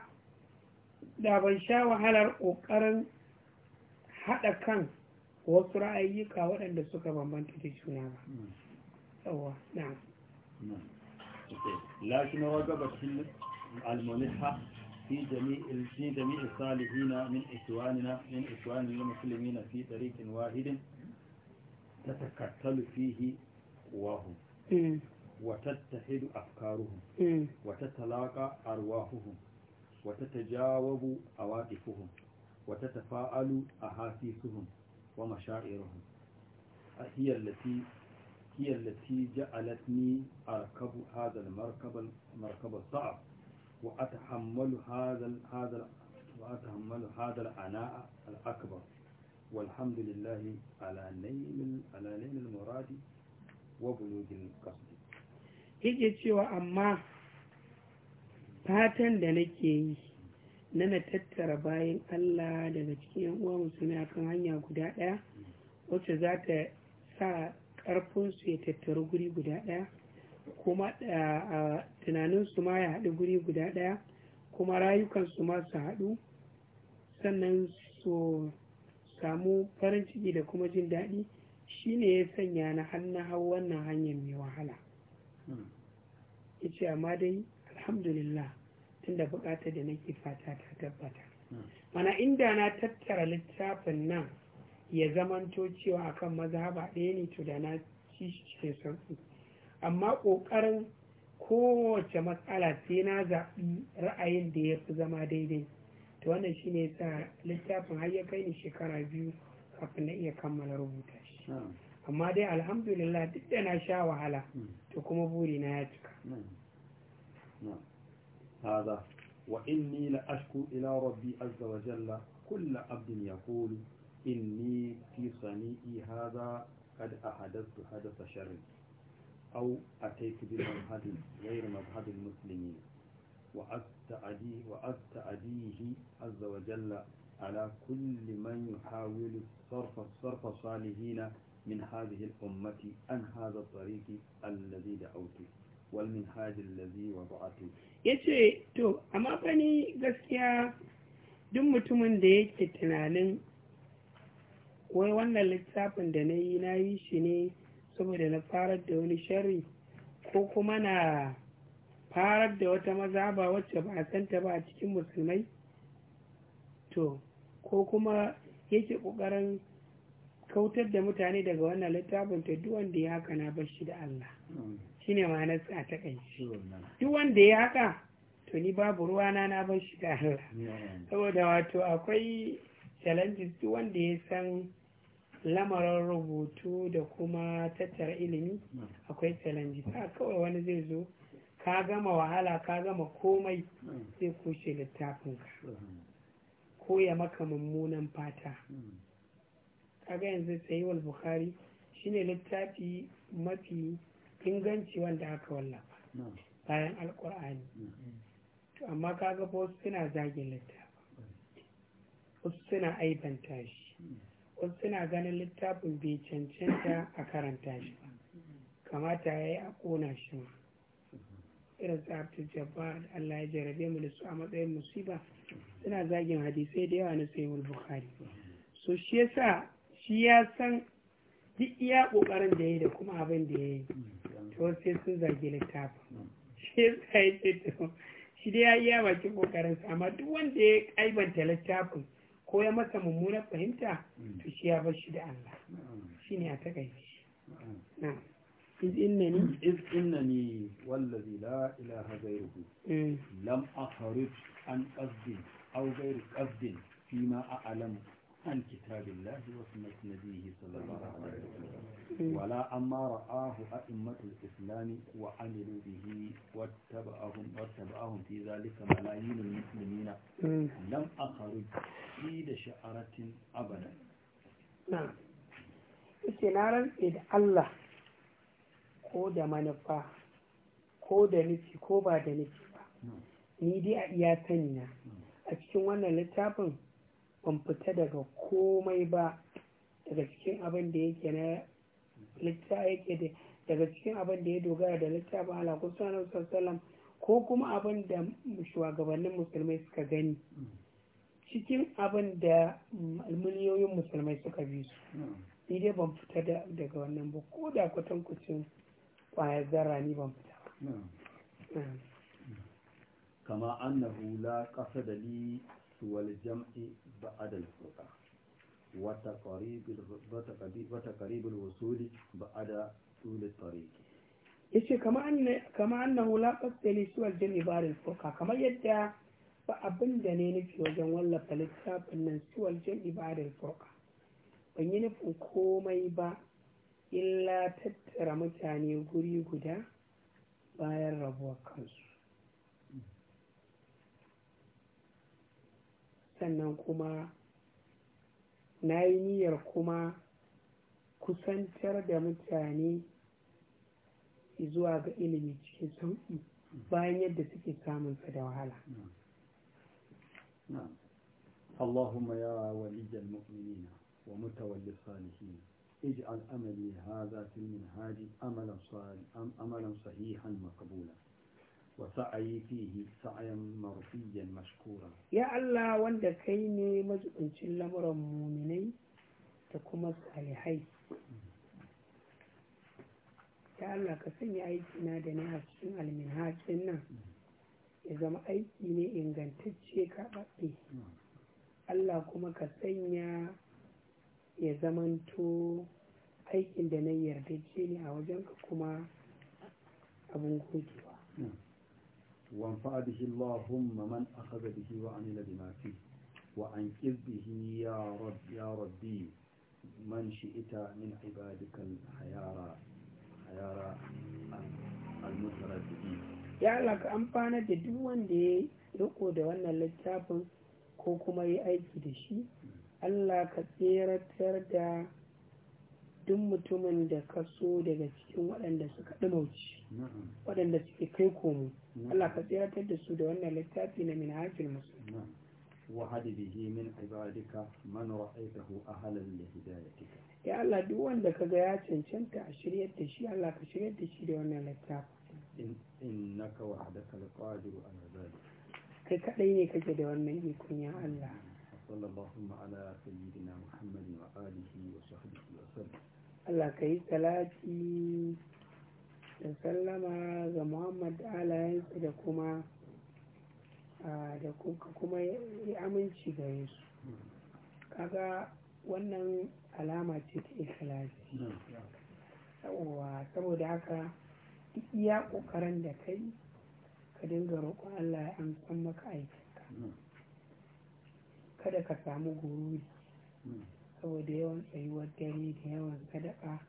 da ban sha wahalar ƙoƙarin haɗa kan wasu ra'ayyuka waɗanda suka bambanta da juna ba. Yawa, na'am. لكن رغبت الملحة في جميع في جميع الصالحين من إخواننا من إخوان المسلمين في طريق واحد تتكتل فيه قواهم وتتحد أفكارهم وتتلاقى أرواحهم وتتجاوب عواطفهم وتتفاعل أحاسيسهم ومشاعرهم هي التي هي التي جعلتني أركب هذا المركب مركب الصعب وأتحمل هذا هذا وأتحمل هذا العناء الأكبر والحمد لله على نيل على نيل المراد وبلوغ القصد yake cewa amma fatan da nake yi na na tattara bayan Allah daga cikin uwa musulmi akan hanya guda ɗaya wacce za ta sa ƙarfinsu ya tattaru guri guda ɗaya kuma tunaninsu ma ya haɗu guri guda ɗaya kuma rayukansu ma su haɗu sannan su samu farin ciki da kuma jin daɗi shine ya sanya na hannu hau wannan hanyar mai wahala hmm. ya ce amma dai alhamdulillah tunda buƙatar da nake fata ta tabbata hmm. mana inda na tattara littafin nan ya zamanto cewa akan ba ɗaya ne to da na ci cikin sauki amma ƙoƙarin kowace matsala sai na zaɓi ra'ayin da ya fi zama daidai to wannan shi ne sa littafin har ya kai ni shekara biyu kafin na iya kammala rubuta shi amma dai alhamdulillah duk da na sha wahala hmm. to kuma buri na ya cika هذا وإني لأشكو إلى ربي عز وجل كل عبد يقول inni fi sani'i hada kad ahadattu hadatha sharri aw ataitu bil madhhabi ghayr madhhabi al muslimin wa atta'adi wa atta'adihi azza wa jalla ala kulli man yuhawilu sarfa sarfa salihin min hadhihi al ummati an hadha al tariq alladhi da'awtu wal minhaj alladhi wada'tu yace to amma fa ni gaskiya duk mutumin da yake tunanin wai wannan littafin da na yi na yi shi ne saboda na farar da wani sharri ko kuma na farar da wata maza ba wacce ba a santa ba a cikin musulmai to ko kuma yake ƙoƙarin kautar da mutane daga wannan littafin ta duk wanda ya haka na bar shi da Allah shi ma ma'anar sa ta kai duk wanda ya haka to ni babu ruwana na bar shi da Allah saboda wato akwai challenges duk wanda ya san lamarin rubutu da kuma tattara ilimi akwai challenge ba kawai wani zai zo ka gama wahala ka gama komai zai kushe littafin ka ko ya maka mummunan fata kaga yanzu sayiwal bukari shine littafi mafi inganci wanda aka wallafa bayan alkur'ani to amma kaga wasu suna zagin littafi wasu suna aibanta shi wasu suna ganin littafin bai cancanta a karanta shi kamata ya yi a kona shi ma irin su abdul allah ya jarabe mu da su a matsayin musiba suna zagin hadisai da yawa na sayyid bukhari so shi yasa shi ya san duk iya ƙoƙarin da ya da kuma abin da ya yi to sai sun zagi littafin shi yasa ya ce to shi dai ya iya bakin ƙoƙarinsa amma duk wanda ya kaibanta littafin ko ya masa mummunar fahimta mm. to shi ya bar shi da Allah mm. shine a takaice mm. na'am إذ إنني إذ إنني والذي لا إله غيره لم an عن قصد أو غير قصد فيما عن كتاب الله وسنة نبيه صلى الله عليه وسلم ولا أما رآه أئمة الإسلام وعملوا به واتبعهم, واتبعهم في ذلك ملايين المسلمين لم أخرج في شعرة أبدا نعم سنارا إذ الله ko da manufa ko da nufi ko ba da nufi ba ni dai a iya sani na a cikin wannan littafin ban fita daga komai ba daga cikin abin da yake na litta yake da daga cikin abin da ya dogara da littafin Allah ko sallallahu alaihi wasallam ko kuma abin da shugabannin musulmai suka gani cikin abin da miliyoyin musulmai suka bi su ni dai ban fita daga wannan ba ko da kwatankwacin kwaya zara ni ban fita ba kama annahu la qasada li والجمعي بعد الفرقة وتقريب الوصول بعد طول الطريق ishe kama annahu la ne suwal jami baril Furka! kamar yadda ba abin da ne nufi wajen wallafa littafin nan suwal jami baril Furka, ban yi nufin komai ba illa tattara mutane guri guda bayan rabuwar kansu sannan kuma na yi niyyar kuma kusantar da mutane zuwa ga ilimi cikin sauƙi bayan yadda suke samunsa da wahala اللهم يا ولي المؤمنين ومتولي الصالحين اجعل أملي هذا في المنهاج أملا صحيحا مقبولا وسعي فيه سعيا مرفيا مشكورا يا الله وانت كيني مزقن لمر المؤمنين مؤمني تكما صالحي يا الله كسني أيكنا دني أشين المنهاج لنا إذا ما أيكني إن كنت تشيك أبقي Allah kuma ka sanya ya zamanto aikin da na yarda ce ne a wajenka kuma abin gogewa. وانفع به اللهم من أخذ به وعمل بما فيه وأنقذ به يا رب يا ربي من شئت من عبادك الحيارى حيارى المترددين ya Allah amfana da duk wanda ya riko da wannan littafin ko kuma aiki da shi Allah ka tseratar da duk mutumin da ka so daga cikin waɗanda suka ɗumauci waɗanda suke kai komo Allah ka tsiratar da su da wannan littafi na min hafin musu wahadi bihi min ibadika man ra'aytahu ahlan li hidayatika ya Allah duk wanda kaga ya cancanta a shiryar da shi Allah ka shiryar da shi da wannan littafi innaka wahdaka alqadiru ala dhalik kai kadai ne kake da wannan ikon ya Allah sallallahu ala sayyidina muhammadin wa alihi wa sahbihi Allah ka yi salati da sallama ga Muhammad alayensa da kuma da kuma yi aminci gare su kaga wannan alama ce ta ikhlasi yawwa saboda haka duk iya kokarin da kai ka dinga roƙon Allah ya amsan maka aikinka kada ka samu gururi saboda yawan tsayuwar dare da yawan sadaka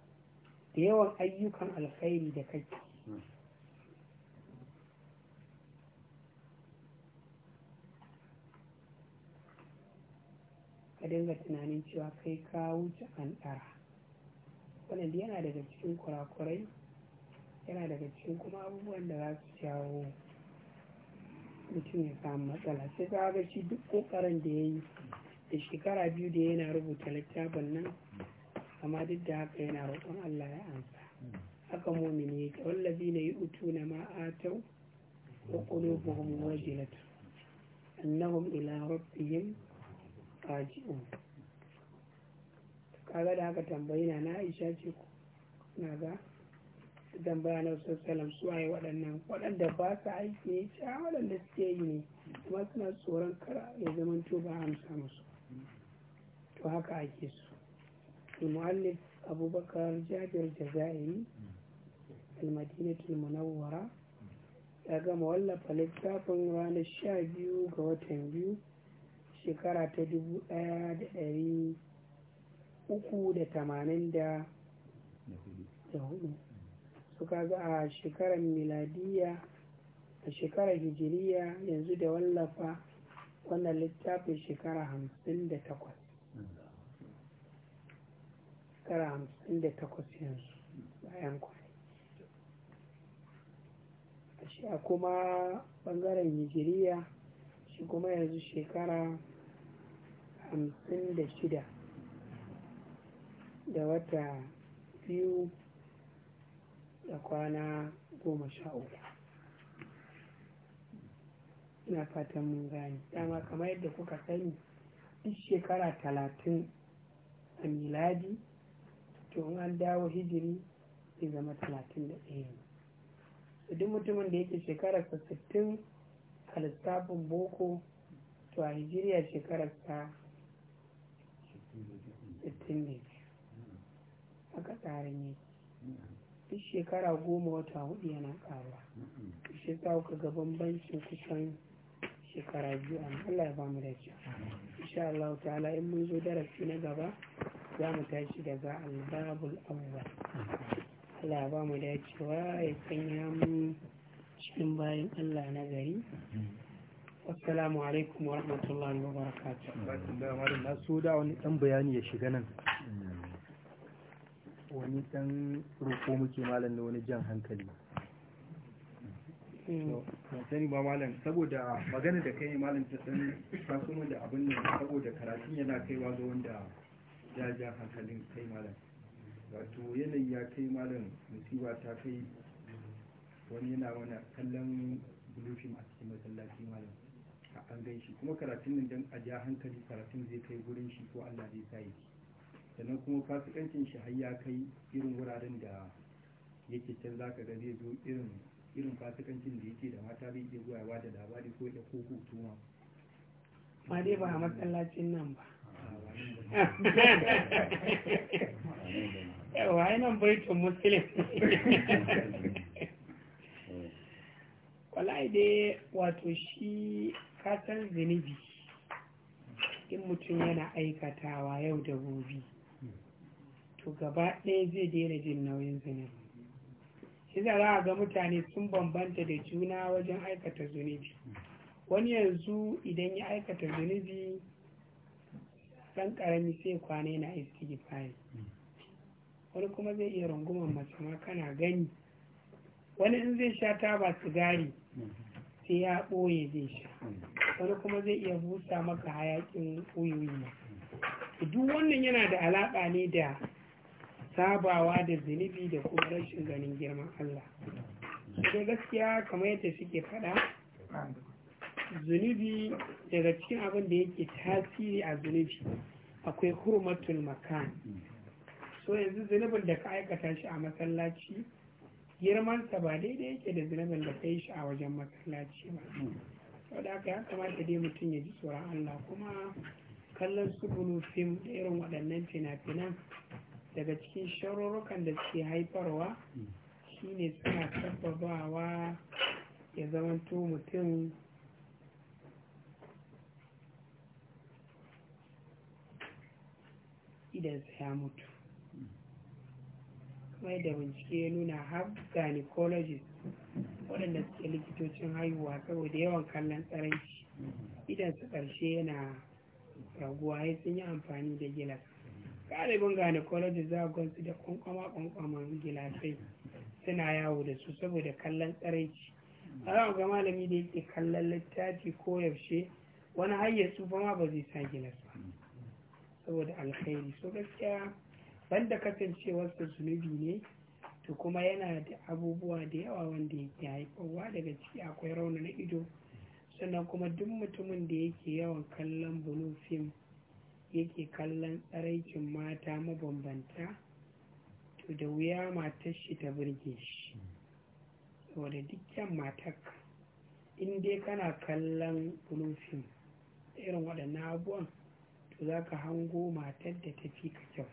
da yawan ayyukan alkhairi da kake ka dinga tunanin cewa kai ka wuce an ɗara wannan yana daga cikin kurakurai yana daga cikin kuma abubuwan da za su jawo mutum ya samu matsala sai ga shi duk ƙoƙarin da ya yi da shekara biyu da yana rubuta littafin nan amma duk da haka yana roƙon Allah ya amsa haka mumini yake wallazi na yi utu na ma'atau wa qulubuhum wajilat annahum ila rabbihim raji'un kaga da haka tambayi na Aisha ce ko na ga tambaya na wasallam su waye waɗannan waɗanda ba su aiki ne waɗanda suke yi ne kuma suna tsoron kara ya zama to ba amsa musu to haka ake su mu'allif abubakar jabir jazairi almadinatul munawwara ya gama wallafa littafin ranar sha biyu ga watan biyu shekara ta dubu ɗaya da dari uku da tamanin da hudu suka ga a shekarar miladiya a shekarar hijiriya yanzu da wallafa wannan littafin shekara hamsin da takwas shekara hamsin da takwas yanzu bayan kwanai shi a kuma bangaren nigeria shi kuma yanzu shekara hamsin da shida da wata biyu da kwana goma sha uku ina fatan mun gani dama kamar yadda kuka sani duk shekara talatin a miladi to in an dawo hijiri zai zama talatin da ɗaya ne duk mutumin da yake shekararsa sittin a lissafin boko to a hijiriya shekararsa sittin ne haka tsarin yake duk shekara goma wata hudu yana ƙaruwa shi sa ku ga bambancin kusan shekara biyu amma Allah ya ba mu da insha Allah ta'ala in mun zo darasi na gaba za mu tashi daga albabul awwal Allah ba mu dacewa ya sanya mu cikin bayan Allah na gari assalamu alaikum wa rahmatullahi wa barakatuh na so da wani dan bayani ya shiga nan wani dan roko muke malam da wani jan hankali hmm. sani ba malam saboda magana da kai malam ta san kuma da abin nan saboda karatun yana kaiwa ga wanda ya ja hankalin kai malam wato yanayi ya kai malam musiba ta kai wani yana mana kallon bulufin a cikin masallaci malam a an gan shi kuma karatun nan don a ja hankali karatun zai kai gurin shi ko allah zai sa sannan kuma fasikancin shi har ya kai irin wuraren da yake can za ka ga zo irin irin fasikancin da yake da mata zai iya zuwa da labari ko ya ko hutuma ma dai ba a masallacin nan ba yawa ainihin baitin musulun wallahi dai wato shi kasan zunubi in mutum yana aikatawa yau da gobe to gaba ɗaya zai daina jin nauyin zunubi shi za a ga mutane sun bambanta da juna wajen aikata zunubi wani yanzu idan ya aikata zunubi ɗan ƙarami sai kwana yana istighfari wani kuma zai iya rungumar mace ma kana gani wani in zai sha taba sigari sai ya ɓoye zai sha wani kuma zai iya busa maka hayakin ƙuyoyi duk wannan yana da alaƙa ne da sabawa da zunubi da kuma rashin ganin girman Allah. Ita gaskiya kamar yadda suke faɗa zunubi daga cikin abin da yake tasiri a zunubi akwai hurmatul makan so yanzu zunubin da ka aikata shi a masallaci girmansa ba daidai yake da zunubin da ka yi shi a wajen masallaci ba sau da aka ya kamata dai mutum ya ji tsoron allah kuma kallon su fim da irin waɗannan fina-finan daga cikin sharurrukan da suke haifarwa shi ne suna tabbabawa ya zamanto mutum idansa ya mutu mai da bincike ya nuna har gynecologist waɗanda suke likitocin haihuwa saboda yawan kallon tsaranci idansa ƙarshe yana raguwa ya sun yi amfani da gilas galibin gynecologist za a gansu da kwankwama-kwankwaman gilasai suna yawo da su saboda kallon tsaraici a yawan ga malami da yake kallon littafi ko yaushe wani har ya tsufa ma ba zai sa gilas saboda alkhairi so gaskiya banda su zunubi ne to kuma yana da abubuwa da yawa wanda yake haifarwa daga ciki akwai rauni na ido sannan kuma duk mutumin da yake yawan kallon bulu fim yake kallon tsaraicin mata mabambanta to da wuya matar shi ta birge shi saboda dukkan matar in dai kana kallon bulu fim irin waɗannan abubuwan za ka hango matar da ta fi ka kyau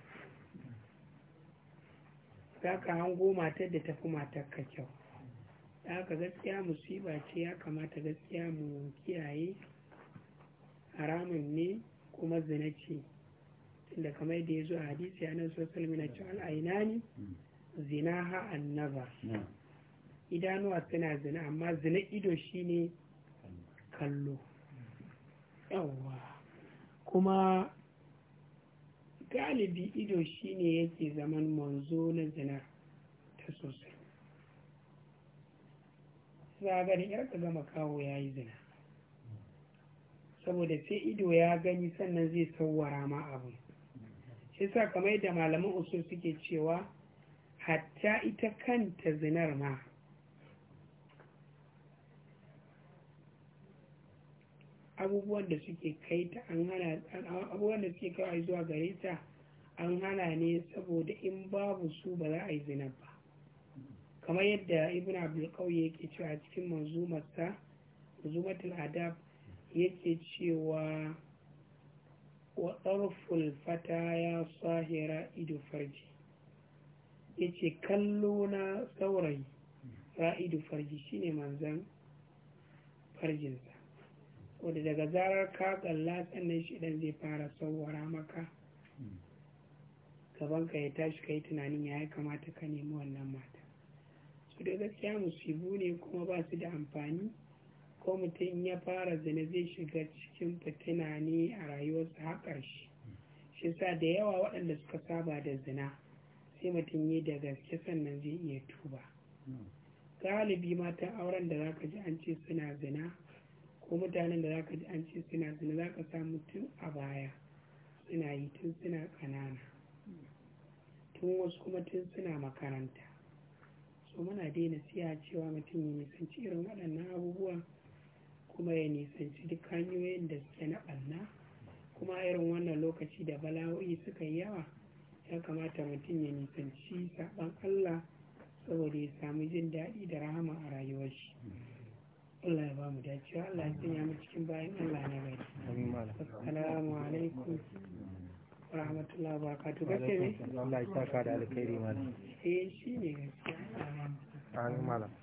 za ka hango matar da ta fi matar ka kyau gaskiya musiba ce ya kamata gaskiya mu kiyaye haramun ne kuma zina ce tunda kamar da ya zo a hadisi a nan sosai mina ce al'aina ne zina ha annaba idanuwa suna zina amma zina ido shine kallo yawwa kuma galibi ido shine yake zaman manzo na zina ta sosai a yar ka gama kawo ya yi zina saboda sai ido ya gani sannan zai sauwara ma abu shi sa kamar da malaman usul suke cewa hatta ita kanta zinar ma abubuwan da suke kai ta an zuwa gare ta an hana ne saboda in babu su ba za a yi zina ba kamar yadda ibn abdul kauye yake cewa a cikin manzumarsa manzumatul adab yake cewa wa tsarful fata ya sahira ido farji ya ce kallo na saurayi ra'idu farji shine manzan farjinsa wadda daga zarar ka kalla sannan shi dan zai fara sauwara maka gaban ka ya tashi ka yi tunanin ya kamata ka nemi wannan mata su da gaskiya musibu ne kuma ba su da amfani ko mutum ya fara zina zai shiga cikin fitina ne a rayuwarsa har ƙarshe shi sa da yawa waɗanda suka saba da zina sai mutum yi da gaske sannan zai iya tuba hmm. galibi matan auren da za ka ji an ce suna zina ko mutanen da zaka ji an ce suna zina ka samu tun a baya suna yi tun suna ƙanana tun wasu kuma tun suna makaranta so muna daina siya cewa mutum ya nisanci irin waɗannan abubuwa kuma ya nisanci duk hanyoyin da suke na ɓanna kuma irin wannan lokaci da bala'o'i suka yi yawa ya kamata mutum ya nisanci saɓan allah saboda ya samu jin daɗi da rahama a rayuwar shi Allah ya ba mu dacewa Allah ya sanya mu cikin bayan Allah na malam. assalamu alaikum rahmatullahi wa barakatuh gaske ne Allah ya saka da alkhairi malam eh shine gaskiya amin malam